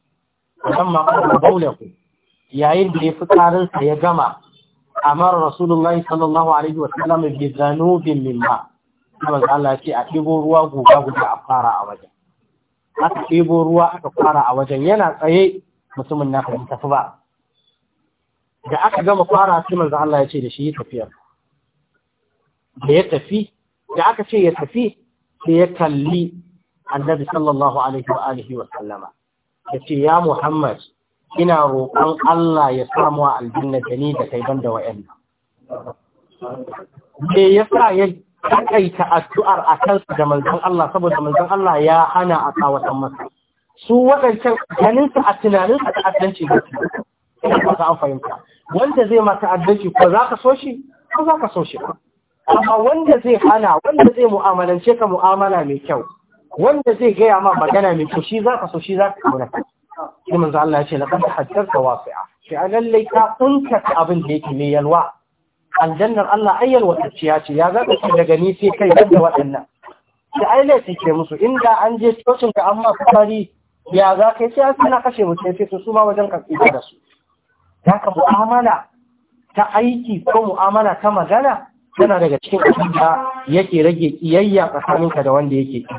idan ma ku baule ku yayin da ya fi karinsa ya gama amara rasulullahi sallallahu alaihi wasallam bi zanubin min ma manzon Allah ya ce a ɗibo ruwa guga guga a fara a wajen aka ɗibo ruwa aka fara a wajen yana tsaye mutumin na kan tafi ba da aka gama fara sai manzo Allah ya ce da shi yi tafiya da ya tafi da aka ce ya tafi sai ya kalli annabi sallallahu alaihi wa alihi wa sallama ya ce ya Muhammad ina roƙon Allah ya samu a aljanna da ni da kai banda wa'annan me yasa ya takaita addu'ar a kansu da manzon Allah saboda manzon Allah ya hana a tsawatan masa su waɗancan ganinsa a tunaninsa ta adalci da su ina fata an fahimta wanda zai maka addanci ko za ka so shi ko za ka so shi ba amma wanda zai hana wanda zai mu'amalance ka mu'amala mai kyau wanda zai gaya ma magana mai kyau shi za ka so shi za ka kauna shi manzo Allah ya ce laqad haddatha wasi'a shi a lallai ka tsunka abin da yake mai yalwa aljannar Allah ayyal watacciya ce ya zaka ci daga ni sai kai da waɗannan da ai laifin ke musu inda an je cocin ka amma fari. ya za ka yi sai an kashe mutum sai su ma wajen ka da su ta ka mu'amala ta aiki ko mu'amala ta magana tana daga cikin abin da yake rage kiyayya tsakaninka da wanda yake ki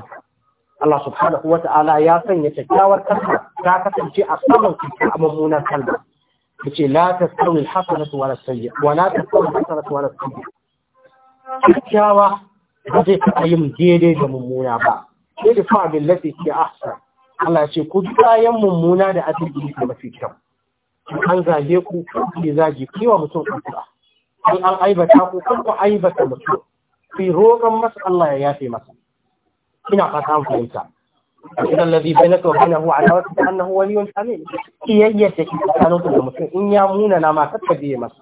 Allah subhanahu wa ta'ala ya sanya kyakkyawar kalma ta kasance a saman kuka a mummunan kalma yace la tastawi al-hasanatu wa as-sayyi'atu wa la tastawi al-hasanatu wa as-sayyi'atu kyakkyawa ba zai taɓa yin daidai da mummuna ba sai da fa ke ahsan Allah ya ce ku bayan mummuna da asibiti mafi kyau an zage ku ke zage ku wa mutum addu'a in an aibata ku kan ku aibata mutum fi roƙon masa Allah ya yafe masa ina fata an fahimta idan ladhi bainaka wa bainahu adawatu ka annahu waliyyun amin iyayya ce ki tsakanin ku da mutum in ya muna na ma kakka biye masa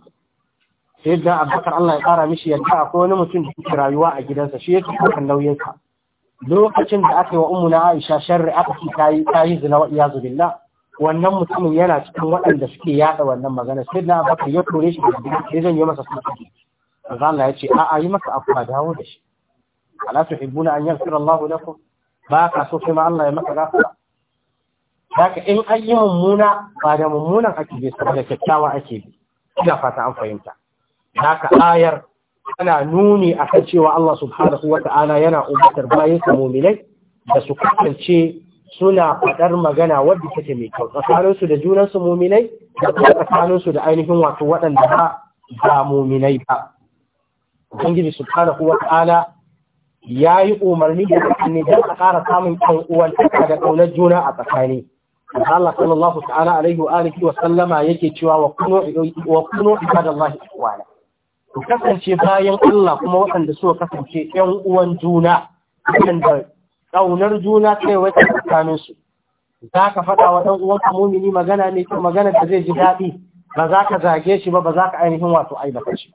Sai da abubakar Allah ya kara mishi yadda akwai wani mutum da yake rayuwa a gidansa shi yake ɗaukar nauyinsa lokacin da aka yi wa ummuna Aisha sharri aka ci tayi tayi zina wa iyazu billah wannan mutumin yana cikin waɗanda suke yada wannan magana sai na baka ya tore shi da gidan sai zan yi masa sulhi manzo Allah ya ce a a yi masa afuwa dawo da shi ala tuhibbuna an yaghfira Allah lakum ba ka so sai ma Allah ya maka gafara haka in an yi mummuna ba da mummunan ake bi sai da kyakkyawa ake bi ina fata an fahimta haka ayar tana nuni akan cewa Allah subhanahu yana umartar bayan mu'minai da su kasance suna faɗar magana wadda take mai kyau tsakaninsu da junansu muminai da kuma tsakaninsu da ainihin wato waɗanda ba ba muminai ba ubangiji kana wa ta'ala ya yi umarni da tsakani don a ƙara samun ɗan uwan da ƙaunar juna a tsakani Allah sallallahu ta'ala alaihi wa alihi wa sallama yake cewa wa kuno wa kuno ibadallahi ikhwana ku kasance bayan Allah kuma waɗanda suka kasance ƴan uwan juna Wanda ƙaunar juna kai wata tsakanin su za ka faɗa wa ɗan uwanka mumini magana ne ko magana da zai ji daɗi ba za ka zage shi ba ba za ka ainihin wato aibata shi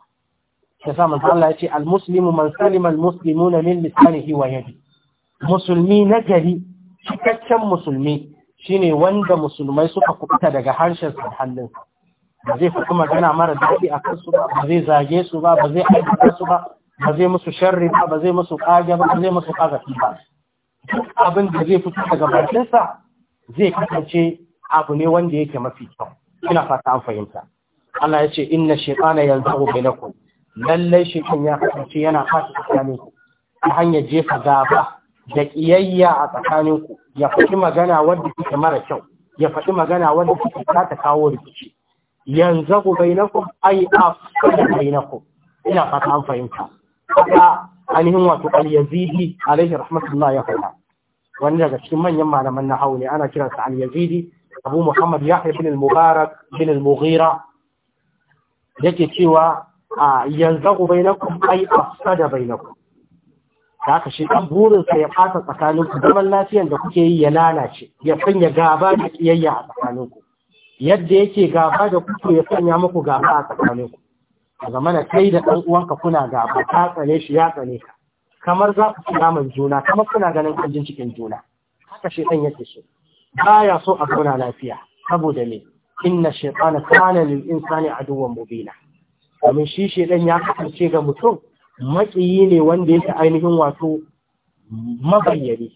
ba sa manzo Allah ya ce al-muslimu man salima al-muslimuna min lisanihi wa yadi musulmi na gari cikakken musulmi shine wanda musulmai suka kubuta daga harshen su hannun ba zai fi magana mara daɗi a kansu ba ba zai zage su ba ba zai aikata su ba ba zai musu sharri ba ba zai musu ƙage ba ba zai musu ƙazafi ba duk abin da zai fito daga bakinsa zai kasance abu ne wanda yake mafi kyau ina fata an fahimta Allah ya ce inna shaytana yanzahu bainakum lallai shaytan ya kasance yana fata tsakaninku ku ta hanyar jefa gaba da kiyayya a tsakanin ku ya faɗi magana wanda take mara kyau ya faɗi magana wanda take ta kawo rikici yanzahu bainakum ay afsala bainakum ina fata an fahimta ainihin wato al-yazidi alaihi rahmatullah ya faɗa wani daga cikin manyan malaman nahawu ne ana kiransa al-yazidi abu muhammad yahya bin al-mubarak bin al-mughira yake cewa a yanzu bainakum bai afsada bainakum da haka shi ɗan burinsa ya fasa tsakaninku zaman lafiyar da kuke yi ya lalace ya sanya gaba da ƙiyayya a tsakaninku yadda yake gaba da kuke ya sanya muku gaba a tsakaninku a na kai da ɗan uwanka kuna ba ka tsare shi ya tsare ka kamar za ku ci naman juna kamar kuna ganin kanjin cikin juna haka shi ɗan yake so baya so a zauna lafiya saboda me inna shaitana kana lil insani aduwwan mubina domin shi ɗan ya kasance ga mutum maƙiyi ne wanda yake ainihin wato mabayyane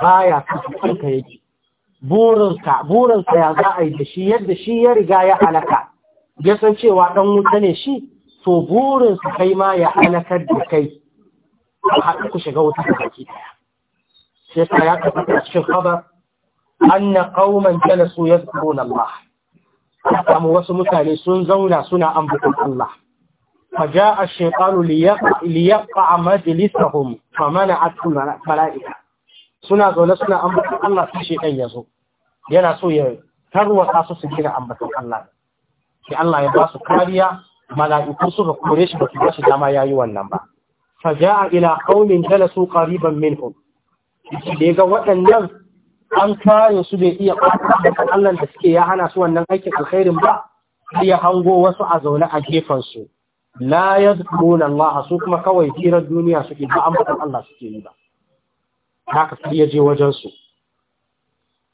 baya kanka yake burinsa burinsa ya za a yi da shi yadda shi ya riga ya alaka ya san cewa ɗan wuta ne shi to burinsa kai ma ya halakar da kai a haɗu ku shiga wuta da baki ɗaya sai sa ya tafi a cikin khabar anna qauman jalasu yadhkuruna Allah samu wasu mutane sun zauna suna ambaton Allah a shekaru فجاء الشيطان ليقع ليقع مجلسهم فمنعته الملائكه suna zaune suna ambaton Allah sai shedan yazo yana so ya tarwata su su kira ambaton Allah sai Allah ya ba su kariya mala'iku suka kore shi ba su ba shi dama yayi wannan ba fa jaa ila qaumin jalasu qariban minhum shi dai ga waɗannan an kare su bai iya da Allah da suke ya hana su wannan aikin alkhairin ba sai ya hango wasu a zaune a gefen su la yadkuruna Allah su kuma kawai tirar duniya suke ba ambatan Allah suke yi ba haka sai ya je wajen su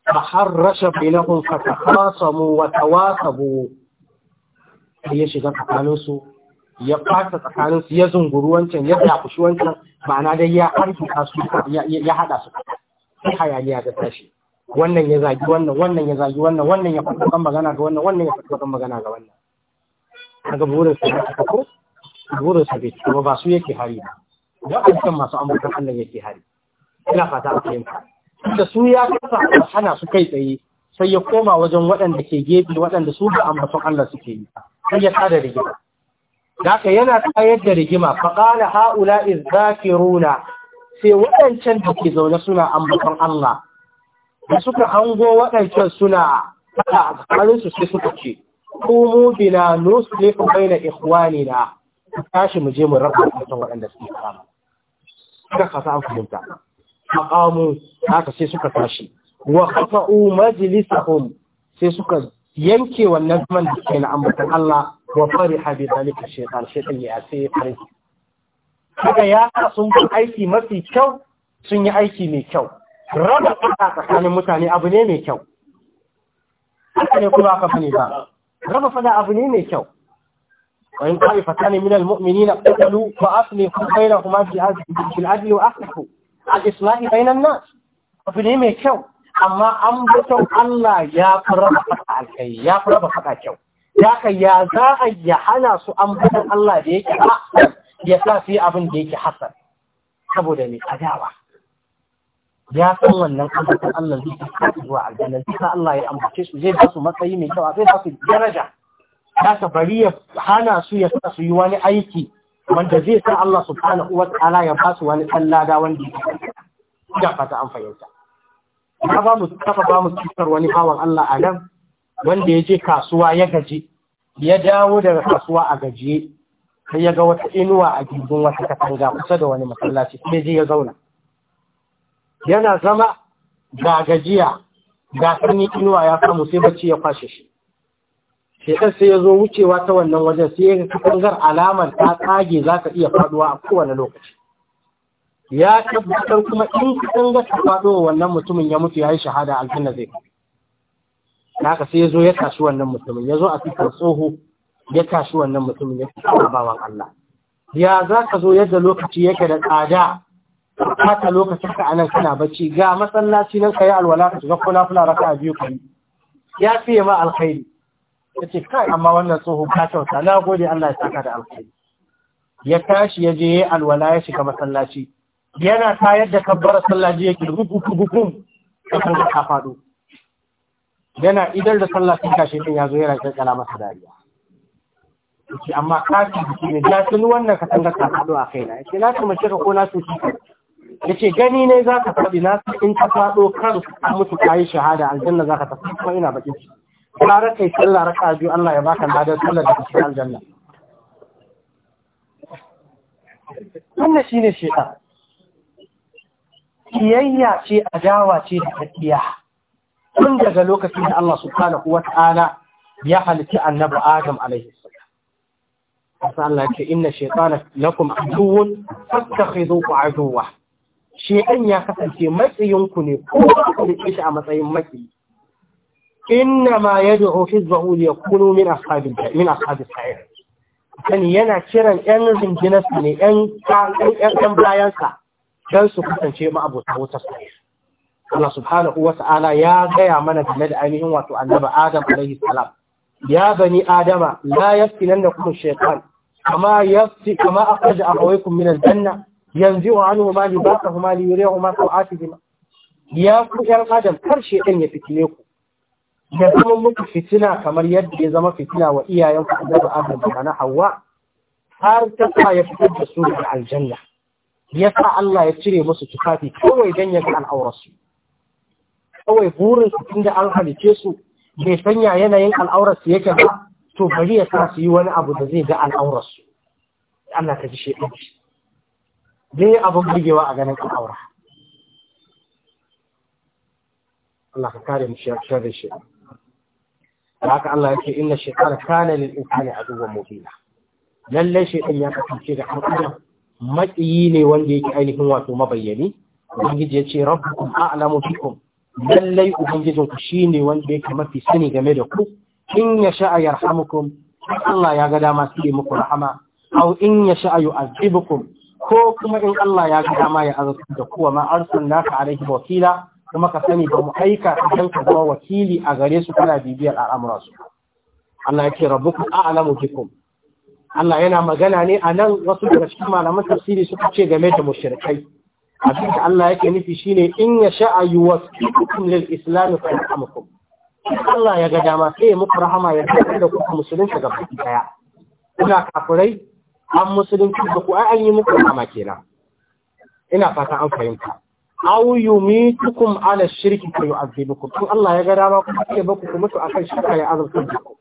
فحرش بينهم فتخاصموا وتواصبوا sai ya shiga tsakaninsu ya fasa tsakaninsu ya zunguru wancan ya dafushi wancan Ba na dai ya harkita su ya haɗa su sai hayaniya ga tashi wannan ya zagi wannan wannan ya zagi wannan wannan ya fito kan magana ga wannan wannan ya fito kan magana ga wannan kaga burin sa ta ko burin sa bai kuma ba su yake hari ba wa'annan masu amurka Allah yake hari ina fata a fahimta da su ya kasa hana su kai tsaye sai ya koma wajen waɗanda ke gefe waɗanda su da ambaton Allah suke yi sai ya tada rigima Daka yana tayar da rigima faƙala ha'ula izzakiruna sai waɗancan da ke zaune suna ambaton Allah da suka hango waɗancan suna faɗa a tsakaninsu sai suka ce kumu bina nuslihu baina ikhwanina tashi mu je mu rabu raba kan waɗanda suke kama suka kasa an fahimta aqamu haka sai suka tashi wa qata'u majlisahum sai suka yanke wannan zaman da ke na ambatan Allah wa fari habi zalika shaitan shaitan ya sai farin kaga ya sun yi aiki mafi kyau sun yi aiki mai kyau raba fada tsakanin mutane abu ne mai kyau haka ne kuma aka fane ba raba fada abu ne mai kyau Wa in وإن طائفتان من المؤمنين اقتتلوا فأصلحوا بينهما في العدل وأصلحوا الإصلاح بين الناس ne mai kyau? amma an batun Allah ya fi raba faɗa alkai ya fi raba faɗa kyau ya kai ya za a ya hana su an batun Allah da yake hasan ya sa su yi abin da yake hasan saboda mai adawa ya san wannan ambatan Allah zai ta zuwa aljanna zai sa Allah ya ambace su zai ba su matsayi mai kyau zai ba su daraja ka bari ya hana su ya sa su yi wani aiki wanda zai sa Allah subhanahu wa ta'ala ya ba su wani ɗan lada wanda ya fata an fahimta na ba mu kafa ba mu cikar wani bawan Allah a nan wanda ya je kasuwa ya gaji ya dawo daga kasuwa a gajiye sai ya ga wata inuwa a gindin wata katanga kusa da wani masallaci sai je ya zauna yana zama ga gajiya ga sanyi inuwa ya samu sai bacci ya kwashe shi Sai shekar sai ya zo wucewa ta wannan wajen sai ya ga katangar alamar ta tsage za ka iya faduwa a kowane lokaci ya tabbatar kuma in kan ga tabbato wannan mutumin ya mutu ya yi shahada aljanna zai naka sai ya zo ya tashi wannan mutumin ya zo a cikin tsoho ya tashi wannan mutumin ya tashi bawan Allah ya za ka zo yadda lokaci yake da tsada haka lokacin ka anan kana bacci ga masallaci nan ka alwala ka shiga kula-kula kula raka a biyu kai ya fiye ma alkhairi ya ce kai amma wannan tsoho ka kyauta na gode Allah ya saka da alkhairi ya tashi ya je alwala ya shiga masallaci yana tayar da kabbara sallah ji yake rubu da kan ka fado yana idan da sallah sun kashe din ya yana kai kankana masa dariya yake amma ka kafi jiki ne ya sun wannan ka tanga ka fado a kaina yake na kuma shi ko na su ya ce gani ne za ka faɗi na in ka fado kar ka mutu ka shahada aljanna za ka tafi kuma ina bakin ciki gara kai sallah raka biyu Allah ya baka ladan sallah da cikin aljanna wannan shine shaitan kiyayya ce a dawa ce da tafiya tun daga lokacin da Allah subhanahu wa ta'ala ya halitta annabi Adam alaihi salam Allah ce inna shaytana lakum aduwwun fattakhiduhu aduwwa shaytan ya kasance matsayin ku ne ko ku da shi a matsayin matsayi inna ma yad'u hizbahu liyakunu min ashabil min ashabil sa'ir kan yana kiran yan zinjinarsa ne yan yan bayansa don su kasance ma'abuta wuta su Allah subhanahu wa ta'ala ya gaya mana game da ainihin wato annaba Adam alaihi salam ya bani Adama la kuma shaytan kama yafti kama akhraja abawaykum min al-janna yanzu anhu ma libasahuma li yurihuma sawatihima ya ku yan Adam karshe ɗin ya fitile ku ya zama muku fitina kamar yadda ya zama fitina wa iyayenku annaba Adam da na Hawwa har ta sa ya fitar da su daga aljanna ya sa Allah ya cire musu tufafi kawai don ya ga al'aurarsu kawai burin su tun da an halice su bai sanya yanayin al'aurarsu yake ba to bari ya sa su yi wani abu da zai ga al'aurarsu Allah ka ji shi ɗin zai abin burgewa a ganin al'aura Allah ka kare mu shiyar da shi da haka Allah ya ce inna shekara kana lil insani aduwwan mubina lallai shaytan ya kasance da al'ada matsiyi ne wanda yake ainihin wato mabayyani ubangiji ya ce rabbukum a'lamu bikum lallai ubangijin ku shine wanda yake mafi sani game da ku in ya sha'a yarhamukum Allah ya ga dama su yi muku rahama aw in ya sha'a yu'azibukum ko kuma in Allah ya ga dama ya azabta da ku wa ma arsalnaka alaihi wakila kuma ka sani ba mu aika idan ka zama wakili a gare su kana bibiyar al'amuransu Allah yake ce rabbukum a'lamu bikum Allah yana magana ne a nan wasu daga cikin malaman tafsiri suka ce game da mushrikai abin da Allah yake nufi shine in ya sha'a yuwasqikum lil islam fa yarhamukum Allah ya ga dama sai ya muku rahama ya tsare da kuka musulunci ga baki daya kuna kafirai an musulunci da ku ai an yi muku rahama kenan ina fata an fahimta aw yumitukum ala shirki fa yu'adhibukum in Allah ya ga dama ku sai baku ku mutu akan shirka ya azabta ku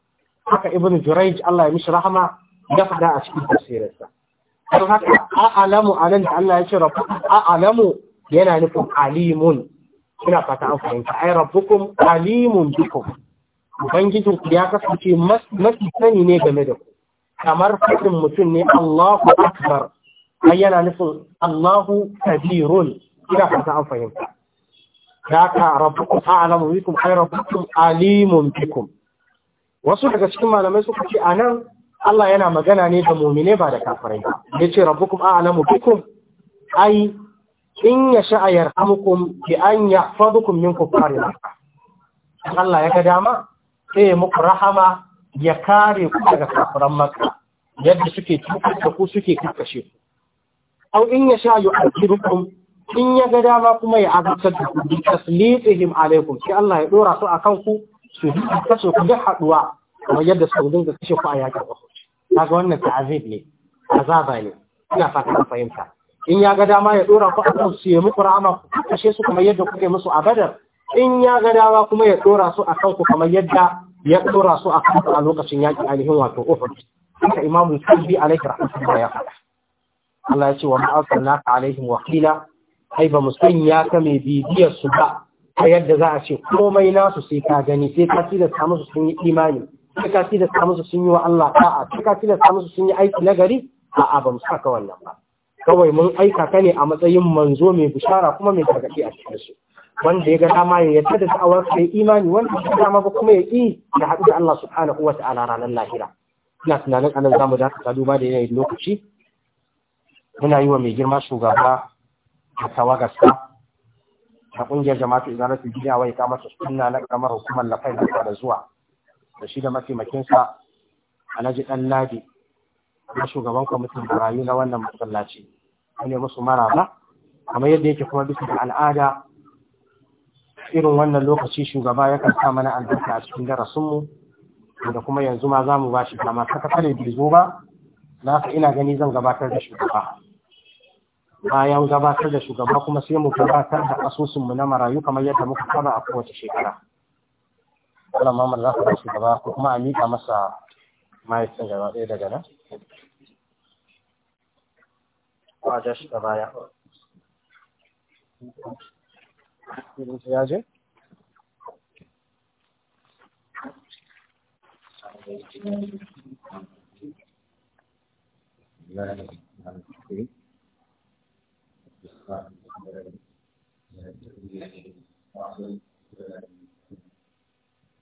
haka ibnu jurayj Allah ya mishi rahama ya faɗa a cikin tafsirinsa don haka a nan da Allah ya ce a alamu yana nufin alimun ina fata an fahimta ai rabbukum alimun bikum ubangijin ku ya kasance mafi sani ne game da ku kamar fadin mutum ne Allahu akbar ai yana nufin Allahu kabirun ina fata an fahimta haka a a'lamu bikum ai rabbukum alimun bikum wasu daga cikin malamai suka ce a nan? Allah yana magana ne ga mumine ba da kafirai ba ce rabbukum a'lamu bikum ai in ya sha'a yarhamukum bi an yahfazukum min kuffari Allah ya ga dama sai ya muku rahama ya kare ku daga kafiran Makka yadda suke tuka ku suke kakkashe ku au in ya sha yu'akhirukum in ya ga dama kuma ya azabtar da ku bi taslitihim alaikum sai Allah ya dora su akan ku su kashe ku da haduwa kamar yadda suka dinga kashe ku a yakin ku. kaga wannan ta'azib ne azaba ne ina fatan fahimta in ya ga dama ya dora ku akan su yi muku rahama ku kashe su kamar yadda kuke musu a badar in ya ga dama kuma ya dora su akan ku kamar yadda ya dora su akan ku a lokacin yaƙi ainihin wato Uhud haka Imam Tirmidhi alaihi rahmatullah ya faɗa Allah ya ce wa ma'arsalnaka alaihim wakila ai ba mu sanya ka mai bibiyar su ba ta yadda za a ce komai nasu sai ka gani sai ka da musu sun yi imani sai ka tilasta musu sun yi wa Allah a'a sai ka tilasta musu sun yi aiki na gari a'a ba mu saka wannan ba kawai mun aika ka ne a matsayin manzo mai bishara kuma mai gargaɗi a cikin su wanda ya ga dama ya yarda da da'awar kai imani wanda ya dama ba kuma ya yi da haɗu da Allah subhanahu wa ta'ala ranar lahira ina tunanin anan zamu da ta duba da yanayin lokaci muna yi wa mai girma shugaba a tawagasta a ƙungiyar jama'atu gida wai wa iqamatus sunna na ƙaramar hukumar lafai da zuwa da shi da mataimakinsa alhaji dan ladi na shugaban kwamitin marayu na wannan masallaci ne musu maraba kamar yadda yake kuma bisa da al'ada irin wannan lokaci shugaba yakan kasa mana albarka a cikin darasinmu da kuma yanzu ma zamu mu ba shi kama saka kare bai ba na haka ina gani zan gabatar da shugaba bayan gabatar da shugaba kuma sai mu gabatar da asusunmu na marayu kamar yadda muka saba a kowace shekara wannan mamar za ka bashi gaba ko kuma a miƙa masa mahaifin gaba ɗaya daga nan ko a ja shi gaba ya ya je Thank you.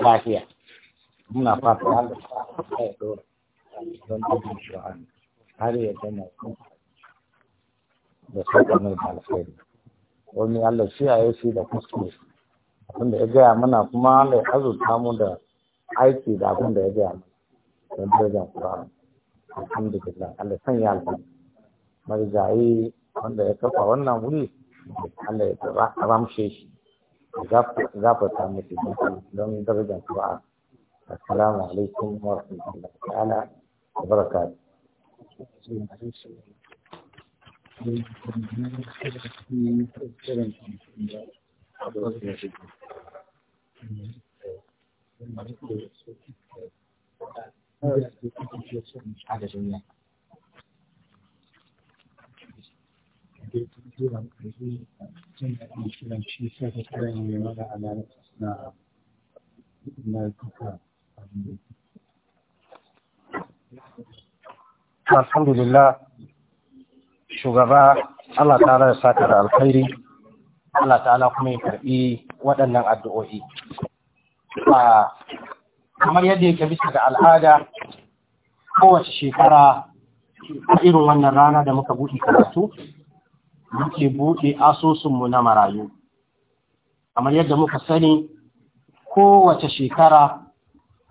lafiya muna fata har ya don har ya gama da sauka da wani Allah shi a shi da kuskure abinda ya gaya mana kuma Allah ya azurta mu da aiki da abinda ya gaya mana don darajar Qur'ani alhamdulillah Allah san ya albarka marigayi wanda ya kafa wannan wuri Allah ya ramshe shi gafarta musu don darajar Qur'an assalamu alaikum wa rahmatullahi zuwa ƙarfi jin daɗin da alhamdulillah shugaba Allah ta'ala ya saka da alkhairi Allah ta'ala kuma ya karɓi waɗannan addu'o'i kamar yadda yake bisa ga al'ada kowace shekara a irin wannan rana da muka buɗe karatu muke buɗe mu na marayu kamar yadda muka sani kowace shekara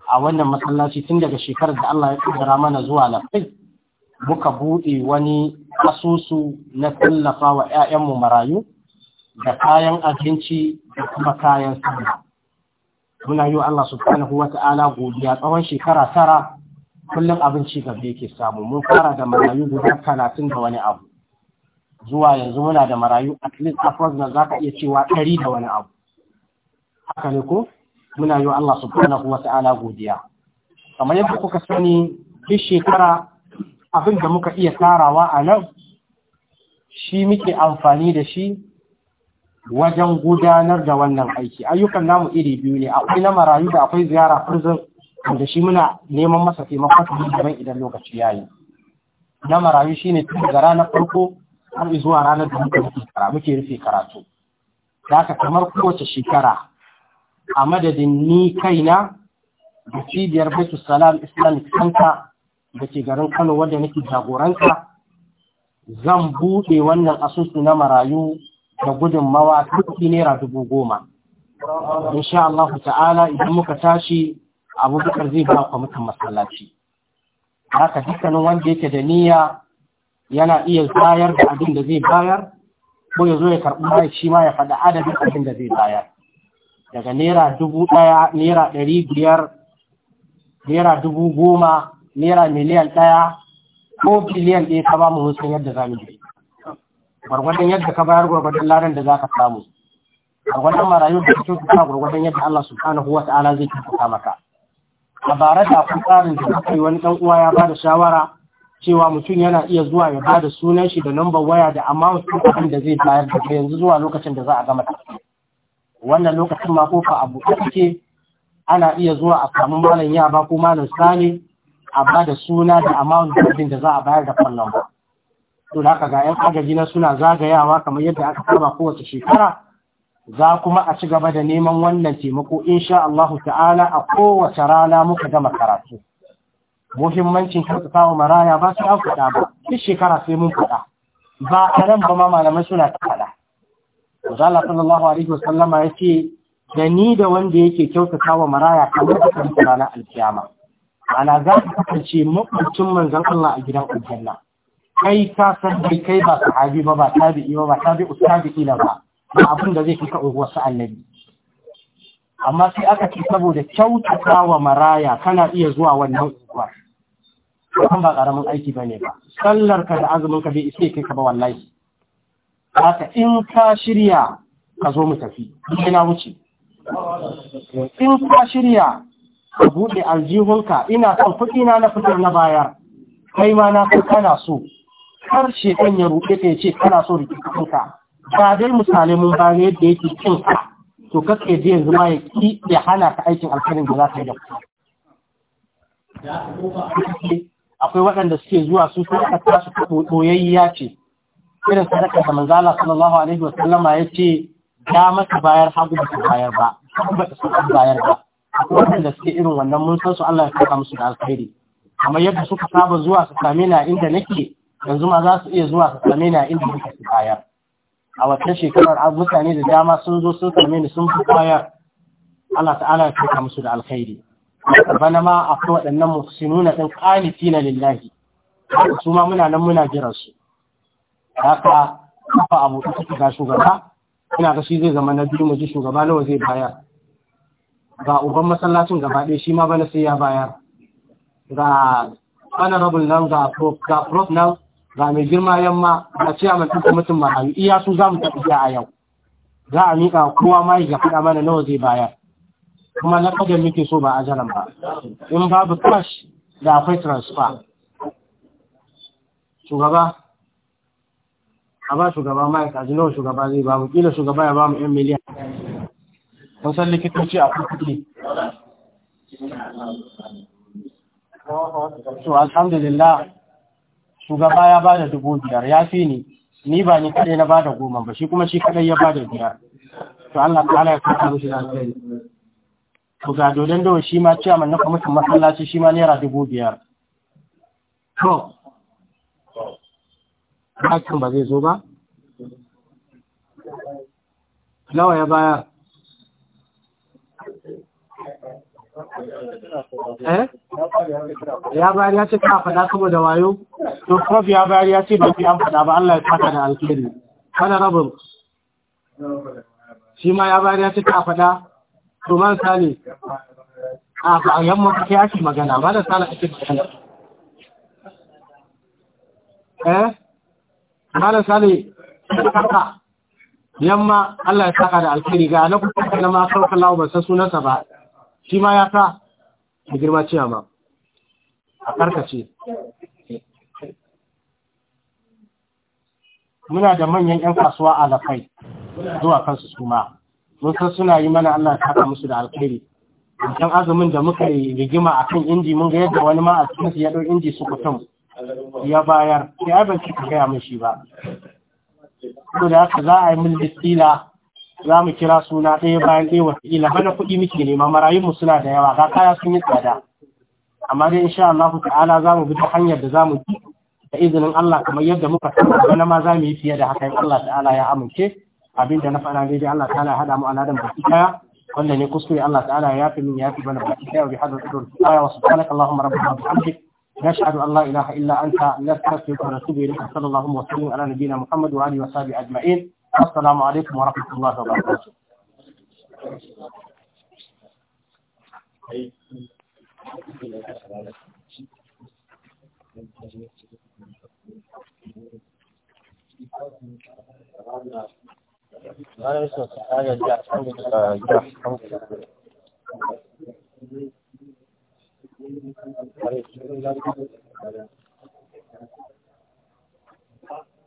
a wannan masallaci tun daga shekarar da Allah ya kaddara mana zuwa na kai, muka buɗe wani asusu na tallafa wa 'ya'yanmu marayu da kayan abinci da kuma kayan sallah muna yi Allah subhanahu wa ta'ala godiya tsawon shekara tara kullum abinci gaba yake samu mun fara da marayu guda talatin da wani abu zuwa yanzu muna da marayu at least na za ka iya cewa ɗari da wani abu haka ne ko muna yi wa Allah subhanahu wa ta'ala godiya kamar yadda kuka sani duk shekara abin da muka iya tarawa a nan shi muke amfani da shi wajen gudanar da wannan aiki ayyukan namu iri biyu ne akwai na marayu da akwai ziyara prison da shi muna neman masa taimakon su daban idan lokaci ya yi na marayu shine tun da ranar farko har zuwa ranar da muka rufe karatu muke rufe karatu ka kamar kowace shekara a madadin ni kaina da cibiyar baitu salam islamic center da ke garin kano wanda nake jagoranta zan buɗe wannan asusu na marayu da gudunmawa tuki naira dubu goma insha Allah ta'ala idan muka tashi abubakar zai ba mutum masallaci haka dukkanin wanda yake da niyya yana iya bayar da abin da zai bayar ko ya zo ya karɓi mai shi ma ya faɗa adadin abin da zai bayar daga naira dubu ɗaya naira ɗari biyar naira dubu goma naira miliyan ɗaya ko biliyan ɗaya ka ba mu wasu yadda za mu je gwargwadon yadda ka bayar gwargwadon ladan da za ka samu gwargwadon marayu da kyau kuma gwargwadon yadda Allah subhanahu wa ta'ala zai kyautata maka a bara da kun tsarin da kai wani ɗan uwa ya ba da shawara cewa mutum yana iya zuwa ya ba da sunan shi da lambar waya da amount ɗin abin da zai bayar daga yanzu zuwa lokacin da za a gama wannan lokacin ma kofa a buɗe ake ana iya zuwa a samu malam ba ko malam sani a ba da suna da amount ɗin da za a bayar da kan ba to da haka ga 'yan agaji na suna zagayawa kamar yadda aka saba kowace shekara za kuma a ci gaba da neman wannan taimako insha Allah ta'ala a kowace rana muka gama karatu muhimmancin kyautata wa maraya ba su an faɗa ba duk shekara sai mun faɗa ba a nan ba ma malamai suna ta faɗa Zala sallallahu alaihi wasallama ya ce da ni da wanda yake kyautata wa maraya kamar da kan na alkiyama ana za ka kasance makwabcin manzon Allah a gidan aljanna kai ka san da kai ba sahabi ba ba tabi'i ba ba tabi'u tabi'i ba ba abin da zai kika wasu annabi amma sai aka ce saboda kyautata wa maraya kana iya zuwa wannan unguwa kan ba karamin aiki bane ba sallar ka da azumin ka bai ise kai ka ba wallahi haka in ka shirya ka zo mu tafi sai na wuce in ka shirya ka buɗe aljihunka ina son kuɗi na na fitar na bayar kai ma na kai kana so karshe shekan ya ruɗe ka ya ce kana so rikicinka ba dai misalai mun bane yadda yake cin ka to kake je yanzu ma ya ki ya hana ka aikin alkhairin da za ka yi da akwai waɗanda suke zuwa su sadaka ta su ce irin sadaka da manzala sallallahu alaihi wa sallama ya ce ya masa bayar hagu ba ta bayar ba ba ta sun bayar ba akwai waɗanda suke irin wannan mun san su Allah ya saka musu da alkhairi amma yadda suka saba zuwa su same na inda nake yanzu ma za su iya zuwa su same na inda nake su bayar a watan shekarar mutane da dama sun zo sun same ni sun fi kwaya Allah ta'ala ya kuka musu da alkhairi bana ma akwai waɗannan ɗan ƙalifi na lillahi su ma muna nan muna jiran su ka kafa abu ta suka shugaba ina ga shi zai zama na biyu muji shugaba nawa zai bayar ga uban masallacin gaba ɗaya shi ma bana sai ya bayar ga rabin nan ga prof nan ga mai girma yamma ga ce a mutum mutum marayu iya su za mu tafiya a yau za a miƙa kowa ma ya faɗa mana nawa zai bayar kuma na ƙadar muke so ba a jaran ba in babu cash da akwai transfer shugaba a ba shugaba ma ya kaji nawa shugaba zai ba mu kila shugaba ya ba mu yan miliyan kun san likitoci a kuɗi So alhamdulillah shugaba ya bada dubu biyar ya fi ni ni ba ni kadai na bada goma ba shi kuma shi kadai ya bada biyar to Allah ta'ala ya kasa shi da alheri to ga dodon dawa shi ma cewa man na kwamitin masallaci shi ma naira dubu biyar to hakan ba zai zo ba nawa ya baya Eh? ya bayar ya ce ka faɗa da wayo to prof ya bayar ya ce ba fi an faɗa ba Allah ya saka da alkhairi kana rabin shi ma ya bayar ya ce ka faɗa to man sale a ba a yamma kake ake magana ba da sale ake magana eh malam sale kaka yamma Allah ya saka da alkhairi ga na kuma kana ma sauka lawo ba san sunansa ba shi ma ya sa da girma ciya ma a karkace muna da manyan 'yan kasuwa a lafai zuwa kansu su ma mun san suna yi mana Allah saka musu da alkhairi kan azumin da muka yi rigima a kan inji mun ga yadda wani ma a cikin su ya ɗau inji su kutum ya bayar sai ai ban cika gaya mun shi ba saboda haka za a yi min listila za mu kira suna ɗaya bayan ɗaya wataƙila bana kuɗi muke nema marayun mu suna da yawa ga kaya sun yi tsada amma dai insha Allah ta'ala za mu bi ta hanyar da za mu bi da izinin Allah kamar yadda muka saba bana ma za mu yi fiye da haka in Allah ta'ala ya amince abin na faɗa daidai Allah ta'ala ya hada mu aladan baki kaya. wanda ne kuskure Allah ta'ala ya yafi min fi bana baki ɗaya wa bihadar udur aya wa subhanaka allahumma rabbana wa bihamdik نشهد ان لا اله الا انت نستغفرك ونتوب اليك صلى الله وسلم على نبينا محمد واله وصحبه اجمعين assalamu alaikum wa rahmatullahi wa barakatuh Thank you.